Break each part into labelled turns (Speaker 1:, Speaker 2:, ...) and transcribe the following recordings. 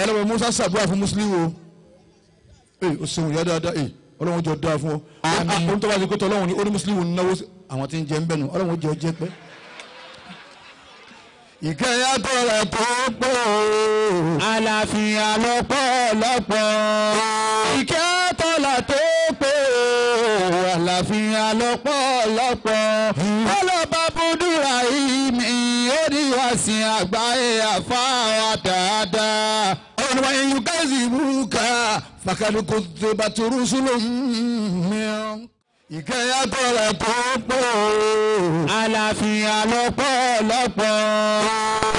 Speaker 1: ẹ lọ́wọ́ musa sàbúrà fún muslim o ee o ṣeun ìyá dáadáa ee ọlọ́run jọ dáa fún ọ. àmín ohun tó bá ti kó tọ́ ni ó ní muslim náwó àwọn tí ń jẹ ń bẹ̀ nù ọlọ́run jọ jẹ pẹ́. ìkẹyà tọrẹ tó pọ̀ àlàáfíà lọ́pọ̀lọpọ̀ ìkẹyà tọrẹ tó pọ̀ àlàáfíà lọ́pọ̀lọpọ̀. ẹ̀sìn àgbáyé àfáàrà dáadáa. ọ̀rọ̀ wa yẹn yóò gáàsì ìbúkà fàkàdùkù tó bá torú sílò mìíràn. ìkẹyà tọrẹ pọ̀pọ̀. àlàáfíà lọ́pọ̀lọpọ̀.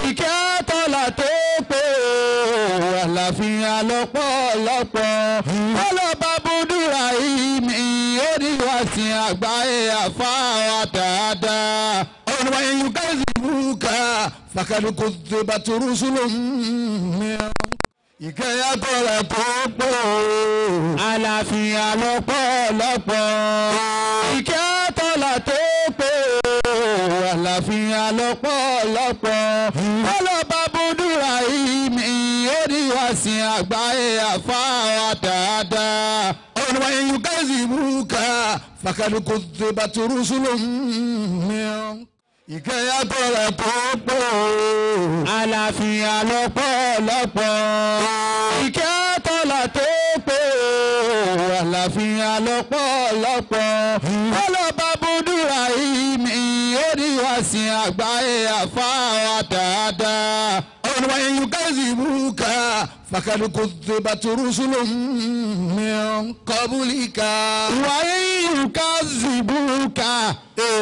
Speaker 1: ìkẹyà tọ́lá tó pé àlàáfíà lọ́pọ̀lọpọ̀. ọlọ́ba búdúrà yìí mi ó ní wàásìn àgbáyé àfáàrà dáadáa. ọ̀rọ̀ wa yẹn yóò gáàsì ìbúkà fakadu kutu baturu sulu mìíràn. ìkẹyà tọrọ tó pọ̀. àlàáfíà lọ́pọ̀lọpọ̀. ìkẹyà tọrọ tó pọ̀. àlàáfíà lọ́pọ̀lọpọ̀. ọlọ́ba búdúrà yìí mi ó ní wàsìn àgbáyé àfáà dáadáa. ọ̀nà wáyé yìí mú ká fakadu kutu baturu sulu mìíràn ìkẹyà tọrẹ púpọ̀. àlàáfíà lọ́pọ̀lọpọ̀. ìkẹ́ tọ́lá tó pé àlàáfíà lọ́pọ̀lọpọ̀. ọlọ́ba búdúrà ìmì oníwàsìn àgbáyé àfáà dáadáa. ọ̀nà ìyúkẹ́sì búkà. فقد كذبت رسل من قبلك وإن يكذبوك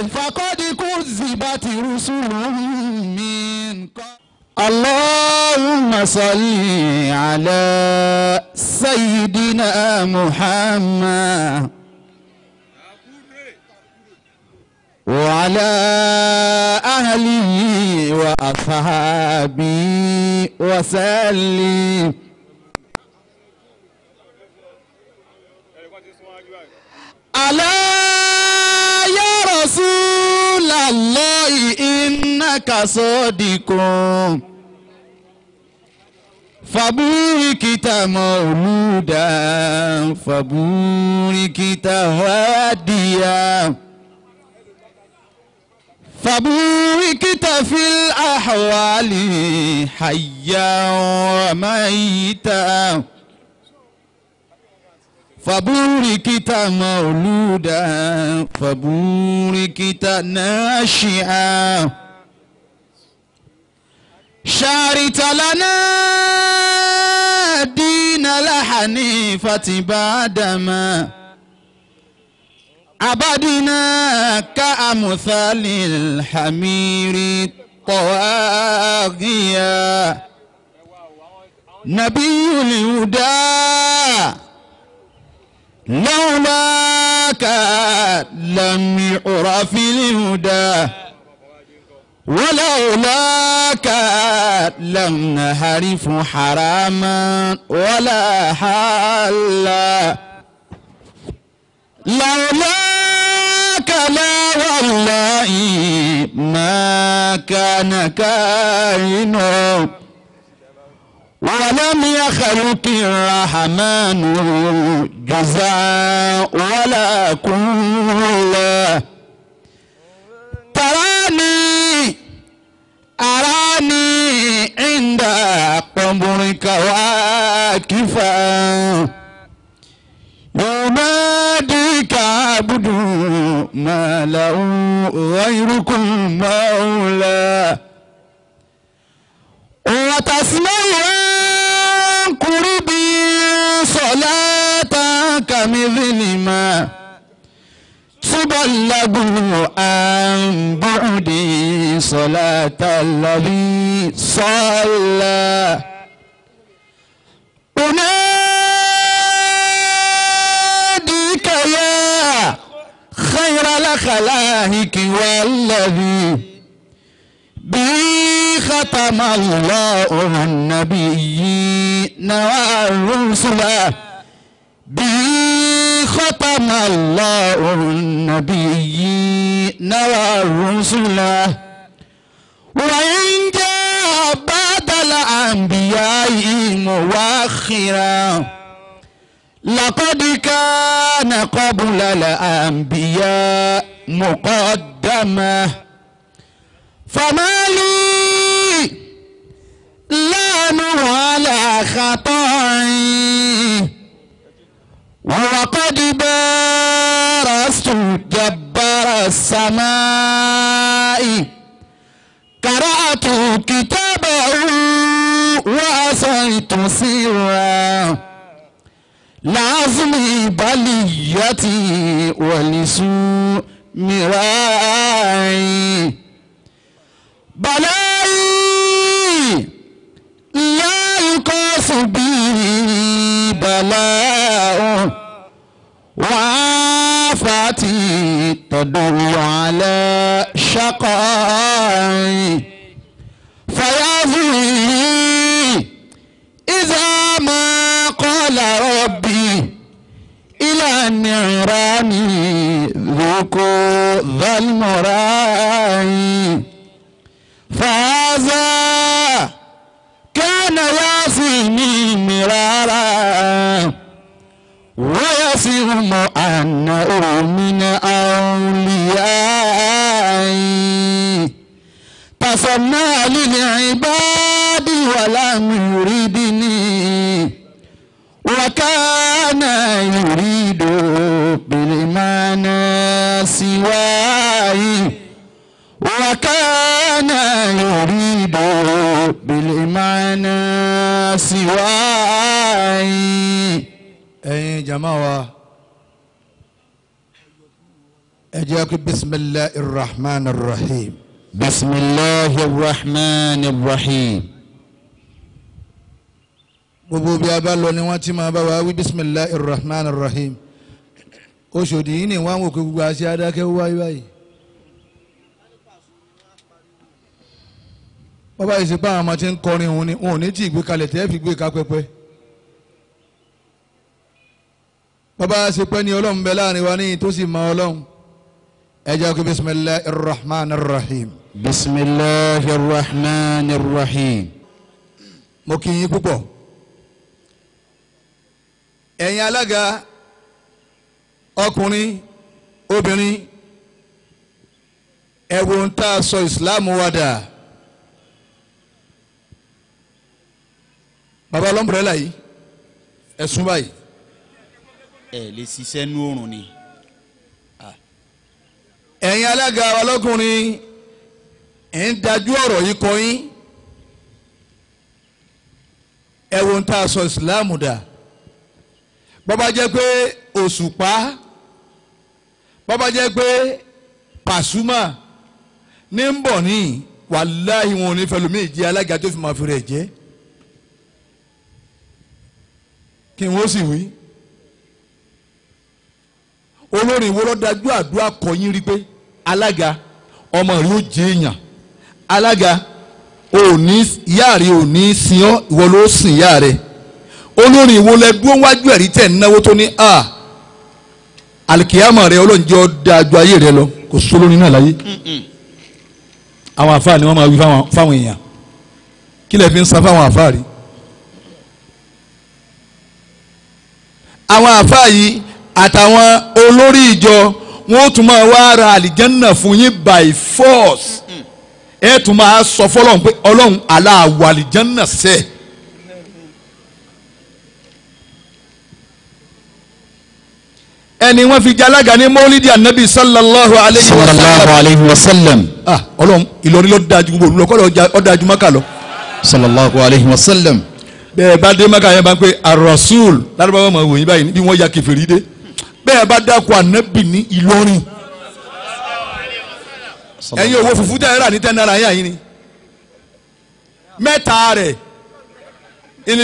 Speaker 1: فقد كذبت رسل من قبلك اللهم صل على سيدنا محمد وعلى أهله وأصحابه وسلم Alaa ya Rasulallahi innaka sadiqun. Faburikita mauluda, faburikita wadiya. فبوركت في الأحوال حيا وميتا فبوركت مولودا فبوركت ناشئا شارت لنا دين الحنيفة بعدما عبدنا كأمثال الحمير طواغيا نبي الهدى لولاك لم يعرف الهدى ولولاك لم نعرف حراما ولا حلا لولاك لا والله ما كان كائنا ولم يخلق الرحمن جزاء ولا كل تراني أراني عند قبرك واكفا يناديك عبد ما له غيركم مولى وتسمعون kúrúbí sọ̀lá táǹkàmí fínìmá túbọ̀ lágùn àǹbọ̀dì sọ̀lá tàlàbí sọ̀lá. أناديك يا خير الخلائق والذي بي ختم الله النبيين والرسل به ختم الله النبيين والرسل وإن جاء بعد الأنبياء مؤخرا لقد كان قبل الأنبياء مقدما فما لي Olha Olá, بسم الله الرحمن الرحيم بسم الله الرحمن الرحيم gbogbo bí a bá lọ ni wọ́n ti máa bá wa wí bisimilahi rahman rahim oṣòdì yìí ni wọ́n á wò pé gbogbo àṣẹ adákẹ́ wáyé báyìí wọ́n báyìí sí pé àwọn ọmọ ti ń kọrin òun ni òun ní tí ì kalẹ̀ tẹ́ fi gbé ká pẹpẹ wọ́n bá ṣe pé ní ọlọ́run bẹ láàrin wa níyìn tó sì mọ ọlọ́run ẹ jẹ́ kí bisimilahi rahman rahim. bisimilahi rahman rahim. mo kì í yín púpọ̀ ẹ̀yin alága ọkùnrin obìnrin ẹ̀wò ń tà sọ ìsìláàmù wa baba lọ́mbrẹ́là yìí ẹ̀sùn báyìí. ẹ lè ṣiṣẹ́ nú oòrùn ni ẹ̀yin alága wa lọ́kùnrin ẹ̀ ń dájú ọ̀rọ̀ yìí kọ yín ẹ wo ń tá a sọ ìsìláàmù dà bọ́bá jẹ́ pé òṣùpá bọ́bá jẹ́ pé pàṣúmà ní ń bọ̀ ní wàláhì wọn ò ní fẹlẹ́ omi ìjẹ́ alága tó fi máa fi rẹ̀ jẹ́ kí wọ́n sì wí olórin wo ló àdúrà kọ́ yín rí pé alága ọmọ rẹ ó jẹ èèyàn alága òní ìyá rẹ òní sin ọ ìwọ ló sin ìyá rẹ olórin ìwo lẹ dúró wájú ẹ̀rí tẹ̀ náwó tó ní a alikiyama rẹ ọlọ́njọ́ da ju ayé rẹ lọ kò sólórin náà láyé àwọn àfáà ni wọ́n máa wí fáwọn èèyàn kí lẹ fi ń sa fáwọn àfáà rí àwọn àfáà yìí àtàwọn olórí ìjọ wọn ó tún máa wá ra àlìjẹ́nà fún yín by force ẹ tún máa sọ fọlọ́run pé ọlọ́run aláàwọ̀ àlìjẹ́nà sẹ́ẹ̀. ẹni wọn fi jẹ alága ní mọ́lídìí anabi sallallahu alayhi wa sallam. sallallahu ah ọlọ́run ìlọrin ló dáa ju gbogbo olùkọ́ ọ dáa ju maka sallallahu alayhi wa sallam. bẹ́ẹ̀ bá dé maka yẹn bá ń pè arasul lárúbáwá máa wò báyìí bí wọ́n ya kẹfìrí dé bẹ́ẹ̀ bá dákun ànábì ní Ìlọrin ẹ̀yin owó fùfú tẹ̀ rà ní ten naira yẹn àyìn ni mẹ́ta rẹ̀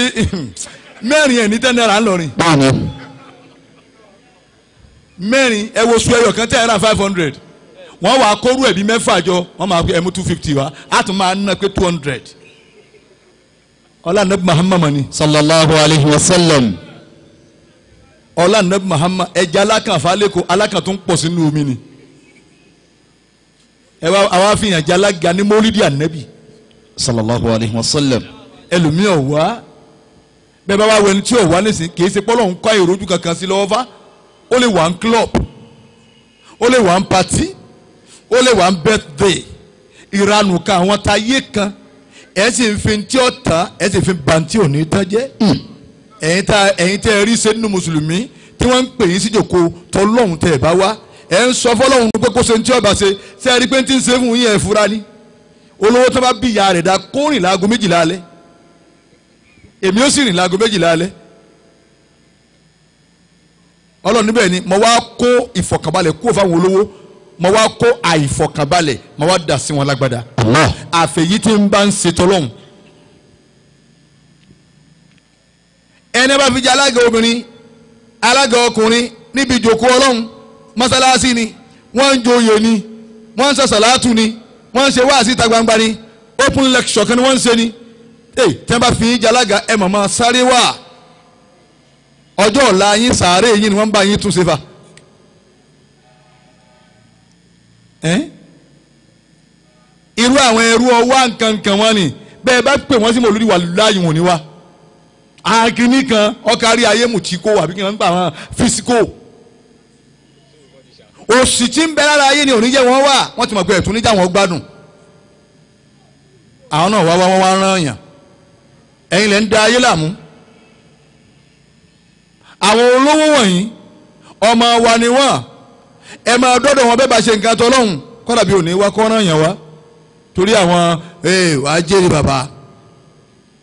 Speaker 1: mẹ́rin ẹ̀ ní ten naira ńlọrin mẹ́rin ẹ wo su ẹyọ kan tẹ̀ rà five hundred wọ́n wàá kóru ẹ̀bí mẹ́fà jọ wọ́n máa pe ẹ̀mú two fifty wa á tún máa ná pé two hundred ọlá nàbí Muhammad ni. sallallahu alayhi wa sallam ọlá nàbí Muhammad ẹja alákànfà lẹ́kọ̀ọ́ alákàn tó ń pọ̀ sínú omi ni ẹ wá àwa fi hàn jẹ alága ní mọ́lídìí sallallahu alayhi wa sallam ẹlòmíràn wá bẹ́ẹ̀ bá wá wẹni tí ò wá nísìnyí kì í ṣe ń kọ́ ìrojú kankan sí lọ́wọ́ fá ó lè wà ń club ó lè wà ń party ó lè wà ń birthday ìranù kan àwọn táyé kan ẹ̀ sì ń fi ti ọ̀tá ẹ̀ sì fi bàǹtí òní tán jẹ́. Mm ẹ̀yin tá ẹ̀yin tẹ́ ẹ rí ṣe nínú mùsùlùmí tí wọ́n ń pè yín síjòkó tọ́lọ́hún tẹ́ ẹ bá wá ẹ̀ ń sọ fọlọ́hún pé kó ṣe ń tí ọba ṣe ṣe rí pé ń ti ń ṣe fún yín ẹ̀ fura ni olówó tó bá bí ìyá rẹ̀ dá kó rìn láago méjìlá alẹ́ èmi ó sì rìn láago méjìlá alẹ́ ọlọ́run níbẹ̀ ni mo wá kó ìfọ̀kànbalẹ̀ kúrò fáwọn olówó mo wá kó àìfọ̀kànbalẹ̀ mo wá dà sí wọn lágbádá àfẹ̀yí ń bá ń ṣe tọ́lọ́hún ẹni bá fi jẹ alága obìnrin alága ọkùnrin níbi ìjòkó ọlọ́run mọ́sálásí ni wọ́n ń joyè ni wọ́n ń ṣe sàlátù ni wọ́n ń ṣe wáàsí ìta gbangba ni open lecture kan ni wọ́n ń ṣe ni ee tí wọ́n bá fi yín jẹ alága ẹ mọ̀ máa sáré wá ọjọ́ ọ̀la yín sàárè yín ni wọ́n ń bá yín tún ṣe fà irú àwọn ẹrú ọwọ́ àǹkàǹkàn wọn ni bẹ́ẹ̀ bá pè wọ́n sí mọ̀lúdì wà láàyè wọn ni wá akínní kan ọkàrí ayé mùtíkó àbí kí wọ́n ń gbà wọn físíkò òṣì tí ń bẹ lára ayé ni òní jẹ́ wọ́n wà wọ́n ti mọ̀ pé ẹ̀tún níjà wọ́n gbádùn àwọn náà wá wá wọ́n wá rán yàn ẹ̀yin lẹ́ ń da ayé làmú àwọn olówó wọ̀nyí ọmọ wa ni wọ́n ẹ máa dọ́dọ̀ wọn bẹ́ẹ̀ bá ṣe nǹkan tọ́lọ́hún kọ́dà bí òní wá kọ́ rán yàn wá torí àwọn ẹ wàá jẹ́rìí bàbá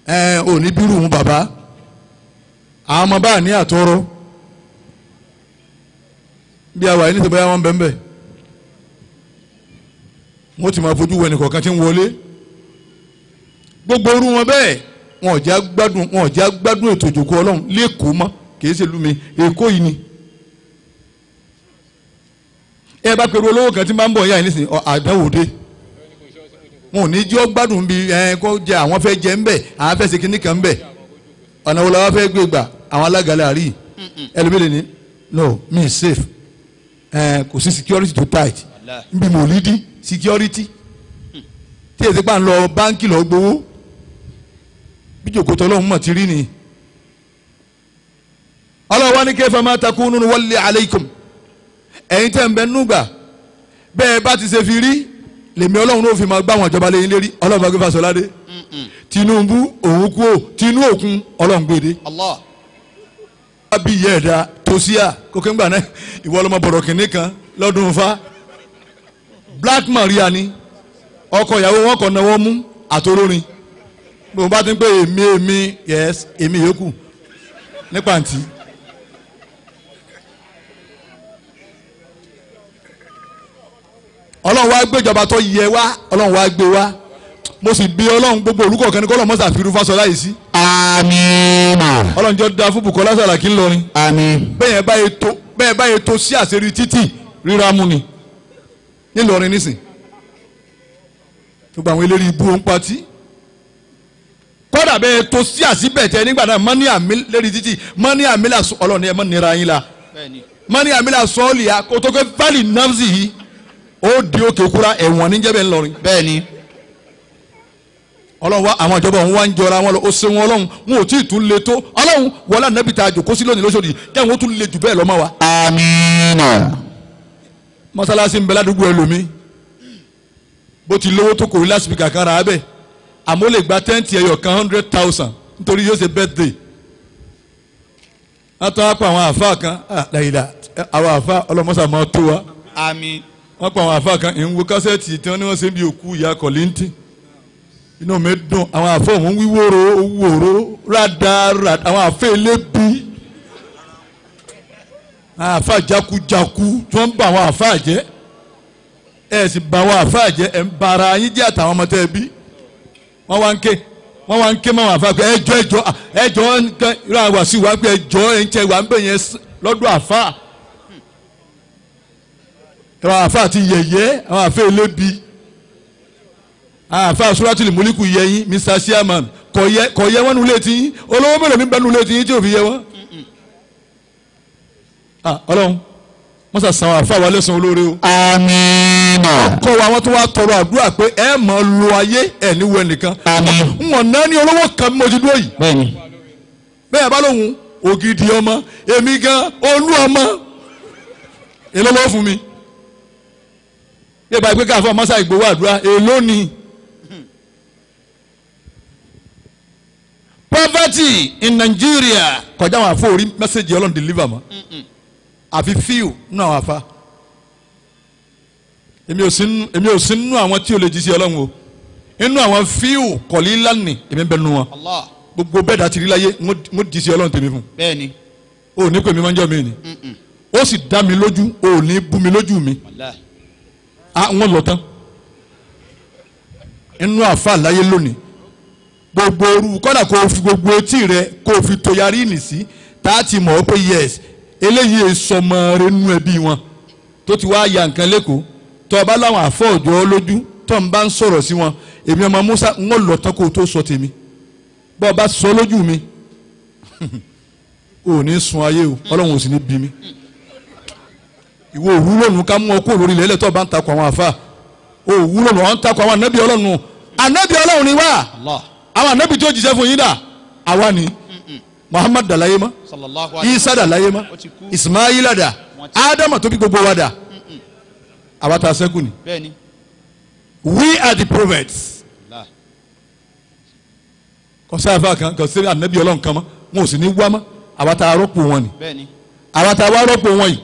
Speaker 1: ẹ òní bírù mú bàbá àwọn ọmọ báà ní àtọrọ bí àwa ẹni tẹ̀bẹ́ àwọn bẹ́ẹ̀ bẹ́ẹ̀ wọ́n ti máa fojú wẹ̀ nìkan kan ti ń wọlé gbogbo orú wọn bẹ́ẹ̀ wọn ò já gbádùn wọn ò já gbádùn ètò ìjòkó ọlọ́run lẹ́kọ̀ọ́ mọ́ kì ṣe lumi èkó yìí ni ẹ bá pẹ̀lú olówó kan tí máa ń bọ̀ yá yìí nísìnyí àdánwò dé wọn ò ní jẹ́ gbádùn bí ẹ kó jẹ àwọn fẹ́ jẹ ń bẹ̀ àwọn fẹ́ ṣe kinní kan ń bẹ̀ ọ̀nà wo la wá fẹ́ gbé gbà àwọn alága la rí ẹlòmílẹ̀ ni no me safe ẹ kò sí security tó tight nbí mo lè di security mm. tí èsì pa ń lọ báńkì lọ gbowó bí jòkótọ́ ọlọ́run mọ̀ ti rí ni ọlọ́wọ́ ní kẹfà máa takú nínú wọlé aleikum ẹ̀yin tẹ̀ ń bẹ núgbà bẹ́ẹ̀ bá ti ṣe fi rí lèmi ọlọ́run ló fi máa gbá àwọn ìjọba lẹ́yìn lérí ọlọ́run bá gbé Fáṣọládé Tinubu òun kú tinú òkun ọlọ́run gbé dé. Allah bí ìyá ẹ̀dá tosia kókè ńgbà náà ìwọ lọmọ bọ̀rọ̀ kìnní kan lọ́dún fa Black Maria ni ọkọ ìyàwó wọn kọ náwó mú àtòrórin bí bá ti ń pè èmi èmi yes èmi yòókù ní pàǹtí. Ọlọ́run wá gbéjọba tó yẹ wá Ọlọ́run wá gbé wá mo sì bí ọlọ́run gbogbo olùkọ̀ọ̀kan ní kọ́lọ́ mọ́sá àfihàn fásọlá yìí sí. amiina. ọlọ́run jọ da fún Bukola Saraki ńlọrin. àmín. bẹ́ẹ̀ báyìí tó bẹ́ẹ̀ báyìí tó sí àṣírí títì ríra mú ni ńlọrin nísìn. gbogbo àwọn eléré ibú ń patí. kọ́dà bẹ́ẹ̀ tó sí àṣìbẹ̀tẹ̀ nígbà náà mọ́ní àmì lérí títì mọ́ní àmì là ọlọ́run ẹ̀ mọ́ nira yín la bẹ́ẹ̀ ńlọrin. bẹ́ẹ̀ ọlọ́run àwọn ìjọba òun wá ń jọra wọn lọ ó ṣe ọlọ́run wọn ò tí ì tún le tó ọlọ́run wọlé ànábì tá a jòkó sí lónìí lóṣòdì kẹ́hìn ó tún le jù bẹ́ẹ̀ lọ́mọ wa. amiina. mọ́sálásí ń bẹ ẹlòmí bó ti lówó tó kò rí lásìkò kanra abẹ àmọ́ lè gba tẹ́ǹtì ẹyọ kan hundred thousand nítorí yóò ṣe birthday látọ̀ á pa àwọn àfa kan àlàyé ah, eh, àwọn àfa ọlọ́mọ́sà máa tó wa. àmín. wọ́n pa àwọn àfa kan ìwúwo tí wọ́n ní wọ́n ṣe ń òkú ìyá kọ̀lìntì inú mi dùn àwọn àfọ òun wíwòrò wòrò rádaràdà àwọn àfẹ elébi àfà jakujaku tí wọ́n ń bá àwọn àfà jẹ́ ẹ sì bá àwọn àfà jẹ́ ẹ ń bara yín jẹ́ àtàwọn ọmọ tẹ́ ẹ bí wọ́n wá ń ké wọ́n wá ń ké máwọn àfà pé ẹjọ́ ẹjọ́ ẹjọ́ nǹkan irú àwọn àṣì wá pé ẹjọ́ ẹ̀ńtẹ́ wà ń bẹ̀ yẹn lọ́dọ̀ àfà àwọn àfà ti yẹ̀yẹ́ àwọn àfà elébi àfa suratul muliku yẹ yín mr chairman kò yẹ kò yẹ wọn nulẹ̀ tí yín olówó mélòó ní bẹ́ẹ̀ nulẹ̀ tí yín tí ò fi yẹ wọn. ọlọ́run wọ́n sà sàn àfa wa lẹ́sàn olóore o. amiina. kọ́ wa wọ́n tún wá tọrọ àdúrà pé ẹ mọ̀ lo ayé ẹ̀ ní wẹ̀ nìkan. amiina. n wọ̀n náà ní olówó kan mo ti dúró yìí. bẹ́ẹ̀ni. bẹ́ẹ̀ bá lóhùn ògidì ọmọ èmi gan olú ọmọ èlò lọ́wọ́ fún mi. bí ẹ bá yẹ pé káfọ́ mọ́sá ìgbowó àdúrà èlò ni. poverty in Nigeria. kọjá àwọn àfọ orí mẹ́sẹ̀gì ọlọ́run deliver ma. àfi fíù nínú àwọn àfa èmi ò sí nínú àwọn tí o lè jí sí o inú àwọn fíù kọ̀lí lánìí èmi ń bẹ nínú wọn gbogbo bẹ́ẹ̀ dà ti rí láyé mo jí sí ọlọ́run tèmi fún bẹ́ẹ̀ni o ní pè mí máa ń jọ mí ni ó sì dá mi lójú o ní bú mi lójú mi àwọn lọ tán inú àfa àláyé lónìí gbogbo orú kọ́dà kó fi gbogbo etí rẹ kó fi toyarí nì sí tá mọ̀ ọ́ pé yes eléyìí e sọmọ rẹ nú ẹbí wọn tó ti wá ya nǹkan lẹ́kọ̀ọ́ tó o bá láwọn àfọ̀jọ́ lójú tó n bá ń sọ̀rọ̀ sí wọn èmi ọmọ Musa ń wọ́n lọ́tọ́ kó o tó sọ tèmi bọ́ ọ bá sọ lójú mi o ò ní sun ayé o Ọlọ́run ò sì ní bí mi ìwọ òwúlò nù ká mú ọ kó lórí ilẹ̀ ẹlẹ́tọ̀ bá ń takò àwọn àfa òwúlò nù ọ̀ ń takò àwọn anábì Ọlọ́run anábì Ọlọ́run ni wá àwọn ànábì tó jíṣẹ́ fún yín dà àwa ni muhammad dàláyé ma isa dàláyé ma ismaila dà adama tó bí gbogbo wa dà àwa ta sẹ́kù ni we are the prophets kọsá àfa kan kọsá ànábì ọlọ́run kan mọ́ wọn ò sì ní wá mọ́ àwa ta rọ́pò wọn ni àwa ta wá rọ́pò wọn yìí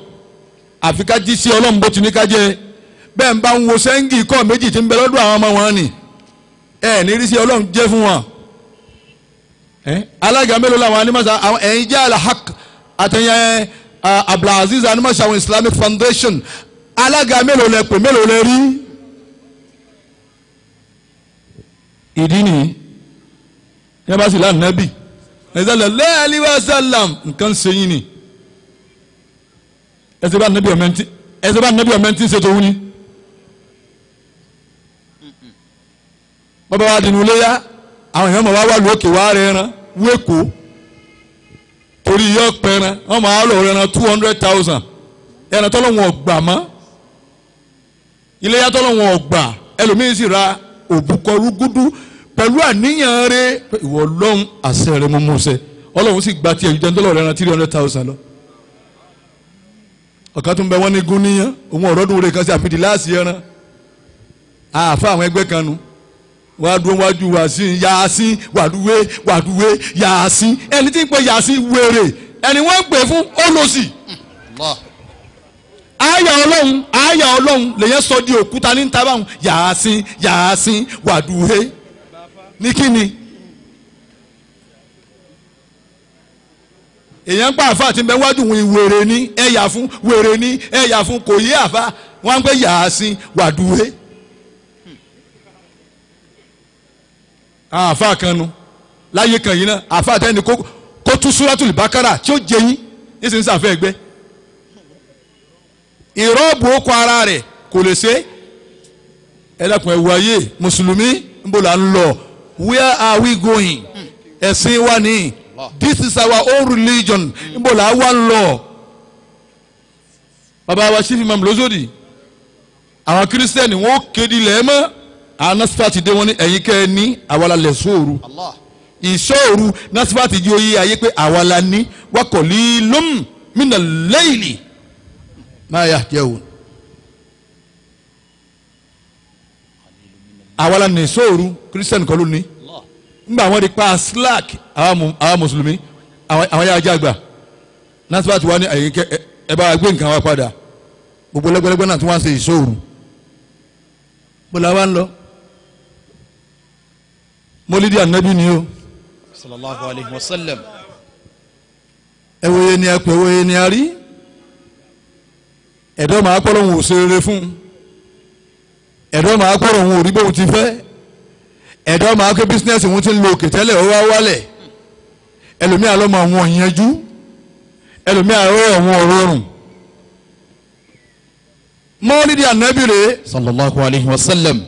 Speaker 1: àfi ká jí sí ọlọ́run bó ti ní ká jẹ́ bẹ́ẹ̀ n bá ń wo sẹ́ńgì ikọ̀ méjì tí ń bẹ lọ́dọ̀ àwọn ọmọ wọn ni ẹ ní rísí ọlọ́run jẹ́ fún wọn alága mélòó làwọn animasa àwọn ẹ̀yin jẹ́ alahak àtẹ̀yẹ abdulaziz animasa àwọn islamic foundation alága mélòó lẹ pè mélòó lẹ rí ìdí nìyí yẹn bá sì lánàá nàbì ẹ̀sẹ̀lẹ̀ lẹ́ẹ̀lì wa sálàm nǹkan ṣe yín ni ẹ̀sẹ̀ bá nàbì ọ̀mẹ́ntì ẹ̀sẹ̀ bá nàbì ọ̀mẹ́ntì ṣètò òun ni. bọ́bá wa dínú léyà àwọn èèyàn máa wá wà lókè wá rẹ ẹran wú èkó torí yọ pẹran wọn máa lọ ẹran two hundred thousand ẹran tọ́lọ̀ wọn gbà mọ́ iléyà tọ́lọ̀ wọn gbà ẹlòmíín sì ra òbúkọ rúgúdú pẹ̀lú àníyàn rẹ ìwọ ọlọ́run àṣẹ rẹ mú mú sẹ ọlọ́run sì gba tiẹ̀ jẹ́ ńdọ́lọ́ rẹ three hundred thousand lọ ọ̀kan tó ń bẹ wọ́n ní gún níyàn òun ọ̀rọ̀dún rẹ kan sí àfidí wàá dún wájú wàásì yàásì wàdúwé wàdúwé yàásì ẹni tí ń pè yàásì wèrè ẹni wọ́n pè fún olóṣì. àyà ọlọ́run àyà ọlọ́run lèyẹn sọ di òkúta ní níta báwọn yàásì yàásì wàdúwé ní kíni. èèyàn ń pa àfa àti mẹ́wájú wọn wèrè ní ẹ̀yà fún wèrè ní ẹ̀yà fún kò yé àfa wọ́n á ń pè àáfà kan nu láyé kan yìí náà àáfà tẹ́ni kó tú súrátùlì bákàrà tí ó jẹ yín nísìnyí sàfẹ́ ẹgbẹ́ ìrọ́bù okọ ara rẹ̀ kò lè ṣe ẹ dákun ẹ wáyé mùsùlùmí ń bò là ń lọ where are we going ẹ̀sìn wa ni this is our own religion ń bò là wà ń lọ bàbá wa sífì mamlozodi àwọn kírísítẹ́nì wọn ó kéde ilẹ̀ anasifati dé wọn ní ẹ̀yin kẹ́ ẹ ní àwa la lẹ̀ sóòru ìṣòòru nasifati yóò yí ayé pé àwa la ní wakọ̀lí lóhùn mina lẹ́yìnì máa yà o. àwa la ní sóòru kírísítẹ́nì kọ́ ló wọn di pa slack àwa mùsùlùmí àwọn yà ajá gbà nasifati wa ní ẹ̀yin kẹ́ ẹ bá gbé nǹkan wa padà gbogbo lẹ́gbẹ́lẹ́gbẹ́ náà tí wọ́n ṣe ìṣòòru bó la ń lọ mọ́lídìí ànábì ni o sallallahu alayhi wa sallam ẹwòye ni ẹpẹ ẹwòye ni a rí ẹ̀dọ́ máa kọ́ lóhun òṣèré fún ẹ̀dọ́ máa kọ́ lóhun òrí bóun ti fẹ́ ẹ̀dọ́ máa kọ́ bísínẹ́sì wọn ti ń lo òkè tẹ́lẹ̀ ó wá wálẹ̀ ẹlòmíà lọ́mọ àwọn òyìnjú ẹlòmíà ọ̀rọ̀ àwọn ọ̀rọ̀rùn mọ́lídìí ànábì rèé sallallahu alayhi wa sallam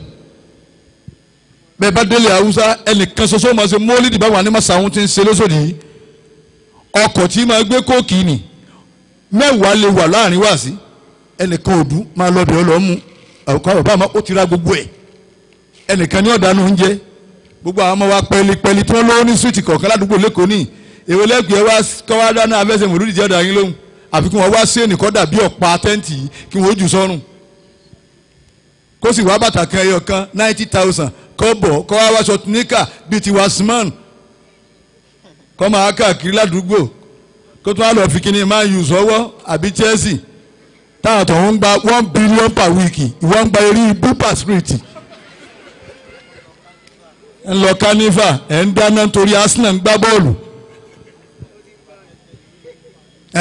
Speaker 1: bẹ́ẹ̀ bá délé haúsá ẹnìkan ṣoṣo máa ṣe mọ́lídìí báwọn anímọ̀sá ohun tí ń ṣe lóṣòdì ọkọ̀ tí máa gbé kóòkì nì mẹ́wàá lè wà láàrin wá sí ẹnìkan òdú máa lọ bẹ̀rẹ̀ lọ́mú àwòkọ́ àwòbá àmọ́ ó ti ra gbogbo ẹ̀ ẹnìkan ní ọ̀dà náà ń jẹ gbogbo àwọn ọmọ wa pẹlipẹli tí wọ́n lówó ní súwìtì kọ̀ọ̀kan ládùúgbò lẹ́kọ̀ọ́ ní èwe lẹ́gbẹ̀ẹ́ wá kọ́wá dáná abẹ́sẹ̀ mòlúdìjẹ́ ọ̀dà yín lóhùn àfikún wọn wá sí ẹnìkan dàbí ọ̀pá tẹ́ǹtì kí wọ́n ó jù sọ́rùn kó sì wá bàtà kan ẹyọ kan ninety thousand kọ́ bọ̀ kọ́ wá wáṣọ tuníkà bíi ti wasman kọ́ máa káàkiri ládùúgbò kó tún á lọ fi kíní máa yù sọ́wọ́ àbí Chelsea táwọn àtọ̀hún ń gba one billion per week ìwọ́n ń gba eré ibú per street ń lọ kánífà ẹ̀ ń dáná torí Arsenal ń gbá bọ́ọ̀lù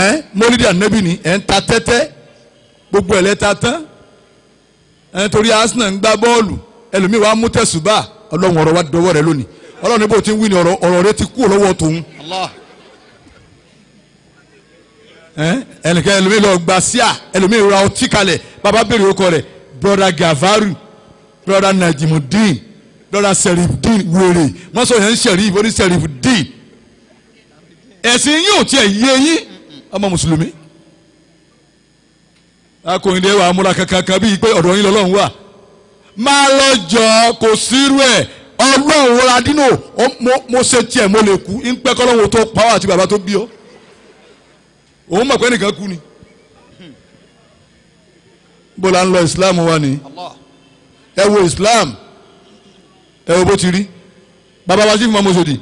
Speaker 1: ẹ̀ mólídìí ànábì ni ẹ̀ ń ta tẹ́tẹ́ gbogbo ẹ̀ lẹ́ta tán. nítorí Arsenal ń gbá bọ́ọ̀lù ẹlòmíì wa mú tẹ̀sùbà ọlọ́run ọ̀rọ̀ wa dọwọ́ rẹ lónìí ọlọ́run níbo ti ń wí ni ọ̀rọ̀ rẹ ti kú lọ́wọ́ tòun. ẹnìkan ẹlòmíì lọ gba síà ẹlòmíì ra ọtí kalẹ̀ bàbá rẹ̀ broda Gavaru broda Najimudin broda wèrè mọ́sọ̀ yẹn ń Serif oní ẹ̀sìn yóò tiẹ̀ yé yín ọmọ mùsùlùmí. akọ̀yìndé wa múra kankan bíi pé ọ̀dọ̀ yín lọ́lọ́run wà máa lọ jọ kò sírú ẹ̀ ọlọ́run rọra dínà mo ṣe tiẹ̀ mo lè kú ń pẹ́ kọ́lọ́run tó pa àti bàbá tó bí ọ òun mọ̀ pé nìkan kú ni bó ń lọ Islam wa ni ẹ wo Islam ẹ wo bó ti rí bàbá wa sí fún ọmọ sòdì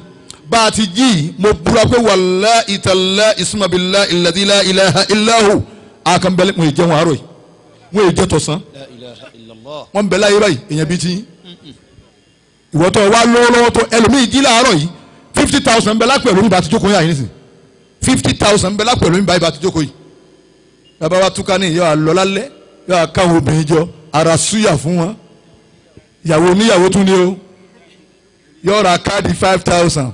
Speaker 1: bá a ti jí mo búra pé wàlá ìtàlá ìsúnmọ̀bìlá ìlàdílá ìlàhà ìlàhù a kan bẹ́lẹ̀ wọn yìí jẹ́ wọn àárọ̀ yìí wọn yìí jẹ́ tọ̀sán wọn bẹ́lẹ̀ ayé báyìí èèyàn bíi wa lọ́wọ́lọ́wọ́ tó idila jí láàárọ̀ fifty thousand bẹ́lẹ̀ pẹ̀lú ìbá àtijọ́ kò yà yín nísìn fifty thousand bẹ́lẹ̀ pẹ̀lú ìbá àtijọ́ kò yìí bàbá wa túká ní yóò lọ lálẹ́ yóò káwọn obìnrin jọ ara súyà fún wọn ìyàwó oníyàwó tún ni o yóò ra káàdì five thousand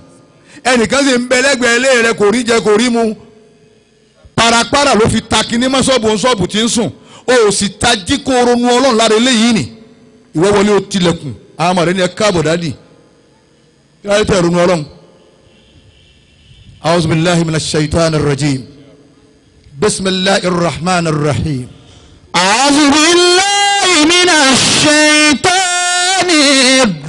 Speaker 1: ẹnìkan sì ń bẹ lẹ́gbẹ̀ẹ́ ilé rẹ mu parapara ló fi ta kinní mọ́ ṣọ́ọ̀bù ṣọ́ọ̀bù tí ń sùn o ò sì ta jí kó ronú ọlọ́run lára eléyìí nì ìwọ wọlé o tilẹ̀kùn àwọn ọmọ rẹ ní ẹ káàbọ̀ dádì láyé tẹ̀ ronú ọlọ́run. auzu billahi minash rajim bismillahir rahmanir rahim. auzu billahi minash shaitanir ni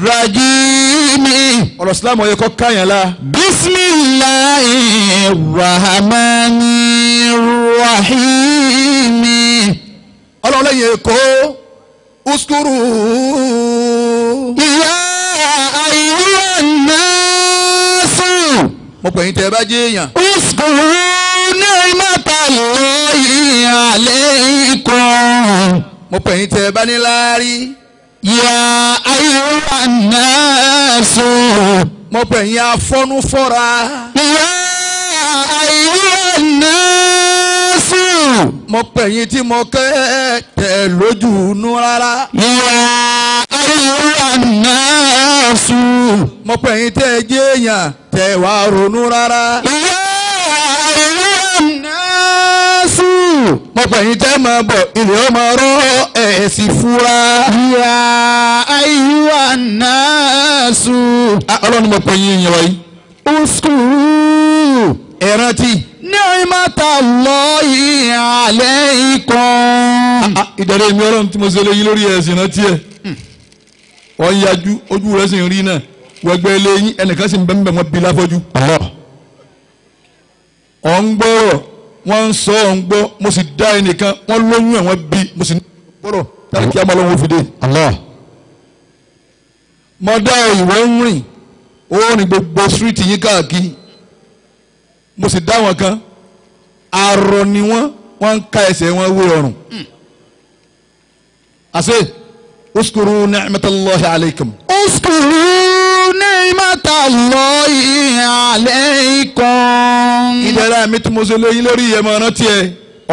Speaker 1: rajimi. ọ̀rọ̀ sílámù ọ̀yẹ́ káyàn la. bisimilahi rahmani rahimi. ọlọ́lẹ́yìn èkó uskuru. ìyá àyíwá nọ́ọ̀sù. mo pè yín tẹ́ ẹ bá jẹ́ èèyàn. uskuru ní mọ́tàlá yìí àlékún. mo pè yín tẹ́ ẹ bá ní láárí yà ayúwa nẹ́ẹ̀sù. mo pè yín afọ́nú fọ́ra. yà ayúwa nẹ́ẹ̀sù. mo pè yín tí mo kẹ́ tẹ̀ lójú nú rárá. yà ayúwa nẹ́ẹ̀sù. mo pè yín tẹ́ ẹ tẹ̀ wá ronú rárá. yà ayúwa nẹ́ẹ̀sù. mo pè yín tẹ́ máa bọ̀ ilé ọmọ rọ́ bẹ̀rẹ̀ sí fúra. ìyá ayíwá náà sùn. ọlọ́run mo pè yín yan wáyé. ó sùúrù. ẹ rántí. ni'matallahi alaykum. ìdàrẹ́ mi ọlọ́run tí mo ṣe lè yí lórí ẹ̀sìn náà tiẹ̀. wọ́n yájú ojú rẹ̀ sì ń rí náà wẹgbẹ eléyìn ẹnìkan sì ń bẹ ń bẹ wọn bí láfọjú. ọ̀ gbọ́rọ̀ wọ́n ń sọ ọ̀ gbọ́ mo sì dá ẹnìkan wọ́n lóyún ẹ̀ wọ́n bí mo sì ní gbọ́dọ̀ tàbí kí a máa lọ́wọ́ fi dé. mo dá ìwọ ń rìn ó rìn gbogbo síríìtì yín káàkiri mo sì dá wọn kan arọ ni wọn wọn ń ka ẹsẹ̀ wọn wé ọrùn. àṣẹ uskuru ni'matallahi alaykum. uskuru ni'matallahi alaykum. ìdára mi tí mo ṣe lórí ìyẹn mọ̀ tiẹ̀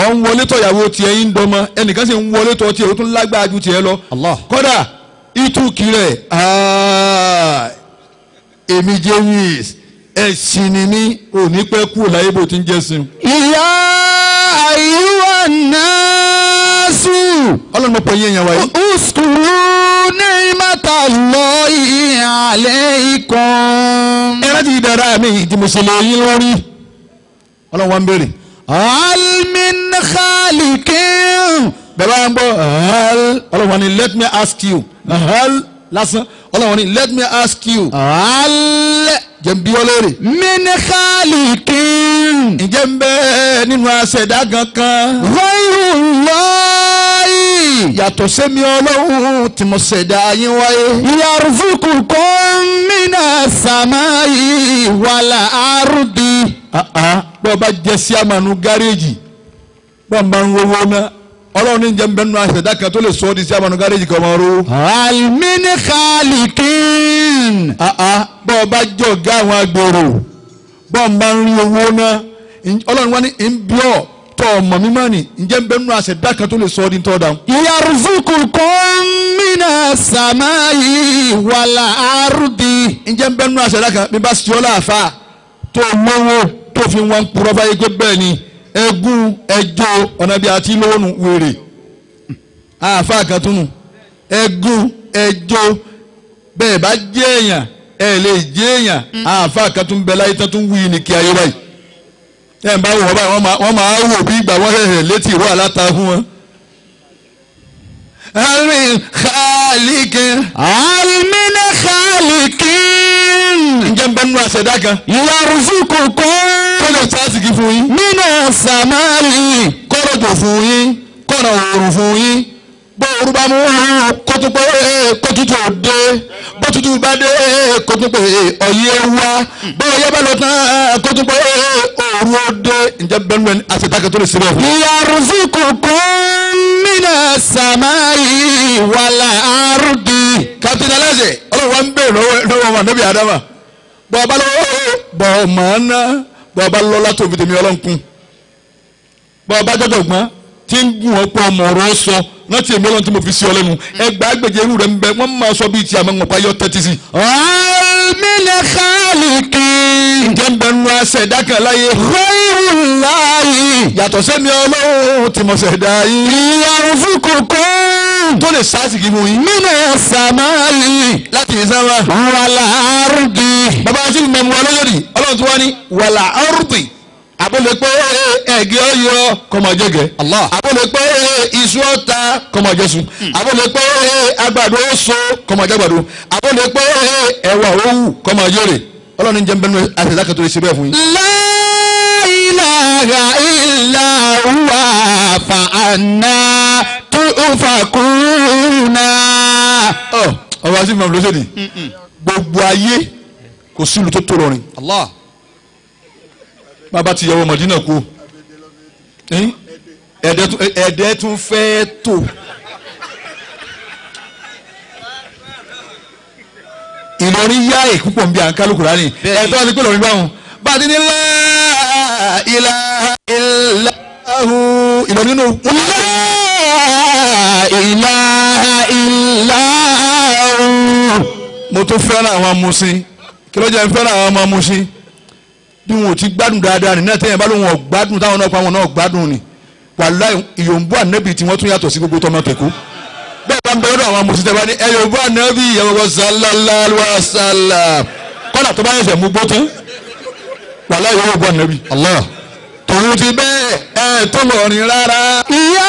Speaker 1: ọ̀ ń wọlé tọ̀ ìyàwó tiẹ̀ yín dọ́mọ ẹnìkan sì ń wọlé tọ̀ tiẹ̀ ó tún lágbára ju tiẹ̀ lọ. kódà ìtúkì rẹ̀ ah, èmi jẹ́ wíìs ẹ̀sìn ni mí ò ní pẹ́ kú láyé bó ti ń jẹ́ ìyá àyíwá náà ọlọ́run mo pọ̀ yín èèyàn wáyé. uskuru ní mẹ́ta lọ ìhàlẹ́ ikọ̀. ẹ láti ìdára mi ìdìmọ̀sẹ̀lẹ̀ yín lórí ọlọ́run wa ń béèrè almin khalikin bẹ́ẹ̀ bá Al, gbọ́ ọlọ́wọ́n ni let me ask you al, lásán ọlọ́wọ́n ni let me ask you al, jẹ̀bi ọlọ́rẹ̀. min khalikin. ǹjẹ́ ń bẹ nínú aṣẹ̀dá kankan. wáyúwáyí. yàtọ̀ sẹ́mi ọlọ́run tí mo ṣẹ̀dá yín wáyé. yarzuku kun mina samayi wala ardi. Ah, ah bọ́ọ̀ bá jẹ́ síámanu gáréèjì bọ́ọ̀ máa ń rówó náà ọlọ́run ní jẹun bẹ́ẹ̀ nù àṣẹ̀dá kan tó lè sọ ọ́ di sí àmọ́nù gáréjì kan máa ro. almini khalikin. bọ́ ọ bá jẹ́ àwọn agbèrò bọ́ ọ ń rí owó náà ọlọ́run wá ní ìbíọ̀ tọ́ ọmọ mímọ́ ni ǹjẹ́ bẹ́ẹ̀ nù kan tó lè sọ ọ́ di tọ́ da. yarzuku kọ́mínà sàmáyì wàlà àrùdì. ǹjẹ́ bẹ́ẹ̀ nù kan bí bá ṣe ọ́ láàfà tó mọ́wọ́ tó fi wọn kúrọ́ fáyé pé bẹ́ẹ̀ ni ẹgún ẹjọ́ ọ̀nà bíi àti lóònù wèrè àáfàá kan túnú ẹgún ẹjọ́ bẹ́ẹ̀ bá jẹ́ èèyàn ẹ lè jẹ́ èèyàn àáfàá kan tún bẹ láyé tán tún wí ní kí ayé báyìí ẹ̀ ń bá wọ̀ báyìí wọ́n máa wò bí ìgbà wọ́n hẹ̀hẹ̀ létí ìwọ́ aláta fún wọn. Almin khalikin. Almin khalikin. Ǹjẹ́ n bẹ nínú àṣẹ̀dá kan? Yorùbá rúfin kò kọ́ kọ́nà tásìkì fún yín. nínú sàmárì. kọ́nà tó fún yín kọ́nà òòrùn fún yín bó ooru bá mú kótópó kótótó dé bótótó bá dé kótópó ọ̀yẹ́ wá bó ọ̀yẹ́ bá lọ tán kótópó ooru dé ǹjẹ́ bẹ́ẹ̀ ni àṣetàkẹ́ tó lè síbẹ̀ fún. ìyàrúsí kòkó mina samari wàlà àrùbí. captain alaze ọlọ́run wa ń bèèrè lọ́wọ́ ọmọ ànábì adama bọ̀ ọba lọ́wọ́ bọ̀ ọmọ náà bọ́ ọba lọ́lá tó tèmi ọlọ́run kún bọ́ gbọ́n tí ń gùn ọ̀pọ̀ ọmọ ọ̀rọ̀ sọ láti èmi ọlọ́run tí mo fi sí ọ lẹ́nu hmm. ẹgbàá gbèjẹ irú rẹ ń bẹ wọ́n máa sọ bíi ti àmọ́ ọ̀pá yọ tẹ́tí sí. mi lè khaliqi. ǹjẹ́ ń bẹ nu aṣẹ̀dá kan láyé. khairullahi. yàtọ̀ sẹ́mi ọlọ́run tí mo yìí. ìyàwó fún kòkó nínú tó lè sásìkì fún yín. nínú sàmáàlì. láti yìí sábà. wàlà àrùdì. bàbá àti mẹ̀mú ọlọ́yọ̀dì ọlọ́run tí wọ́n ní wàlà àrùdì. àbólépé ẹ̀gẹ́ ọyọ kọmọjẹgẹ. àbólépé iṣu ọ̀ta kọmọjẹsùn. Hmm. àbólépé àgbàdo oṣù kọmọjẹgbàdo. àbólépé ẹ̀wà owó kọmọjẹrè. ọlọ́run jẹ́ nbẹ́nu àtẹ̀dákẹ́tò ìṣẹ́bẹ̀ fún yín. lẹ́ẹ̀ ilaha illa huwa fa anna tufakuna. ọ̀rọ̀ àti ìmọ̀ lọ́sẹ̀ ni gbogbo ayé kò sí ìlú tó tó lọ́rin. bàbá ti yàwó Mọ̀dínà kú ẹ̀dẹ̀ tún fẹ́ tó. Ìlọrin yá èkú pọ̀ nbí àǹkálùkù rání ẹ̀dọ́ àti pé lọ́rin báwọn bá a ti ní lẹ́ẹ̀ ilaha illahu ìlọ nínú. ilaha illahu. mo tún fẹ́ràn àwọn amúsí kí ló jẹ́ fẹ́ràn àwọn ọmọ amúsí bí wọn ò ti gbádùn dáadáa nìyẹn náà tẹ́yìn bá lóun ọ̀gbádùn táwọn náà pa wọn náà ọ̀gbádùn ni wàláì ìyòǹbó ànẹ́bì tí wọ́n tún yàtọ̀ sí gbogbo tọmọ tẹ̀kú bẹ́ẹ̀ bá ń bẹ lọ́dọ̀ àwọn amúsítẹ́ bá ní ẹ yòǹbó ànẹ́bì ìyàwó sàlálàlá sàlá kọ́là tó bá yẹ̀sẹ̀ mú gbótú wàhálà yóò gbọ́ nàbí. tòun ti bẹ́ẹ̀ ẹ tó lọ rìn rárá. ìyá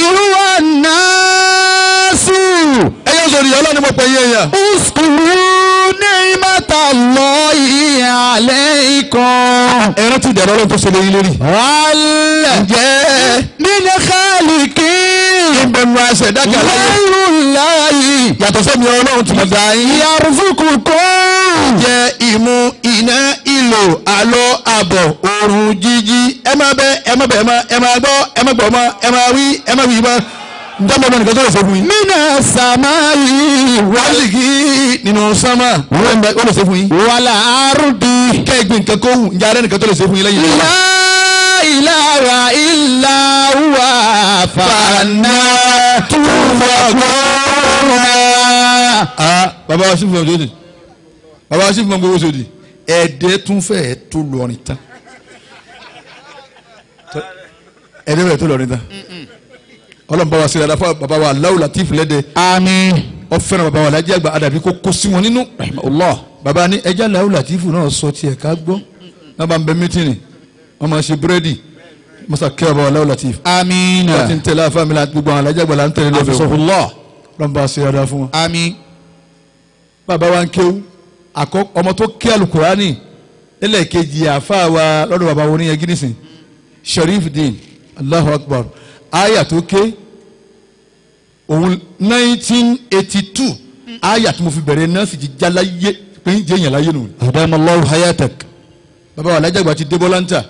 Speaker 1: ìrúwà náà sùn. ẹ yóò sọ ìyá ọlọ́ni mo pè yín ẹ̀yà. uskuru ní mata lọ ìyàlẹ́ ikọ̀. ẹran ti dẹ̀rọ lọ́wọ́ tó ṣe lóyún lórí. wàhálà jẹ́. nílẹ̀ káàlì kí. ìbẹ̀rù àṣẹ dákẹ́ àlàyé. lẹ́rù láàyè. yàtọ̀ sẹ́mi ọlọ́run ti mọ̀ dáa yín. ìyàrá fún kùkọ́. jẹ́ ìmú iná àlọ abo oru jíjí ẹ máa bẹ ẹ máa bẹ ẹ máa gbọ́ ẹ máa gbọ́ mọ́ ẹ máa wí ẹ máa wí nìkan tó lè ṣe fún mina samari wàlíkì nínú sánmà wọ́n lè ṣe fún yín. wàlà àrùndì. kẹ́gbìn nǹkan kó hùn njàre nìkan tó lè ṣe fún yín lẹ́yìn. ilá ìlàwà ìlàwà fàánà túnfọ̀ kọ́ọ̀rọ̀. bàbá wa sì gbogbo sódì bàbá wa sì gbogbo sódì ẹ̀ẹ́dẹ́ tún fẹ́ tu lọrin tán ẹ̀ẹ́dẹ́ fẹ́ tó lọrin tán ọlọ́run bá wa sílẹ̀ àdáfà baba wa aláwọ̀ latif de. àmín. ó fẹ́ràn bàbá wa alájẹ́ àgbà àdàbí kó kó sí wọn nínú. Allah. bàbá ní ẹjẹ́ aláwọ̀ latif náà sọ tiẹ̀ ká gbọ́ náà bá ń bẹ mítìnì wọ́n máa ṣe búrẹ́dì masa kí bàbá wa aláwọ̀ latif. àmín. láti ń tẹ̀lé àfáà mi láti gbogbo àwọn alájẹ́ àgbà là ń tẹ̀lé lọ́fẹ̀ẹ́. àfisọ̀fọ̀ Allah. ọlọ́run bá wa sílẹ̀ àdáfà wọn. wa ń kéwú ọmọ tó kí alukurani ẹlẹ́ẹ̀kejì àfa wa lọ́dọ̀ bàbá wọn yẹn gínísìn Sharif Din Allahu Akbar aya tó ké òun nineteen eighty two aya tó mo fi bẹ̀rẹ̀ náà sì ti já láyé pé ń jẹ́ yàn láyé nù. adamalahu hayatak. bàbá wa alájàgbà ti dé bọ́láńtà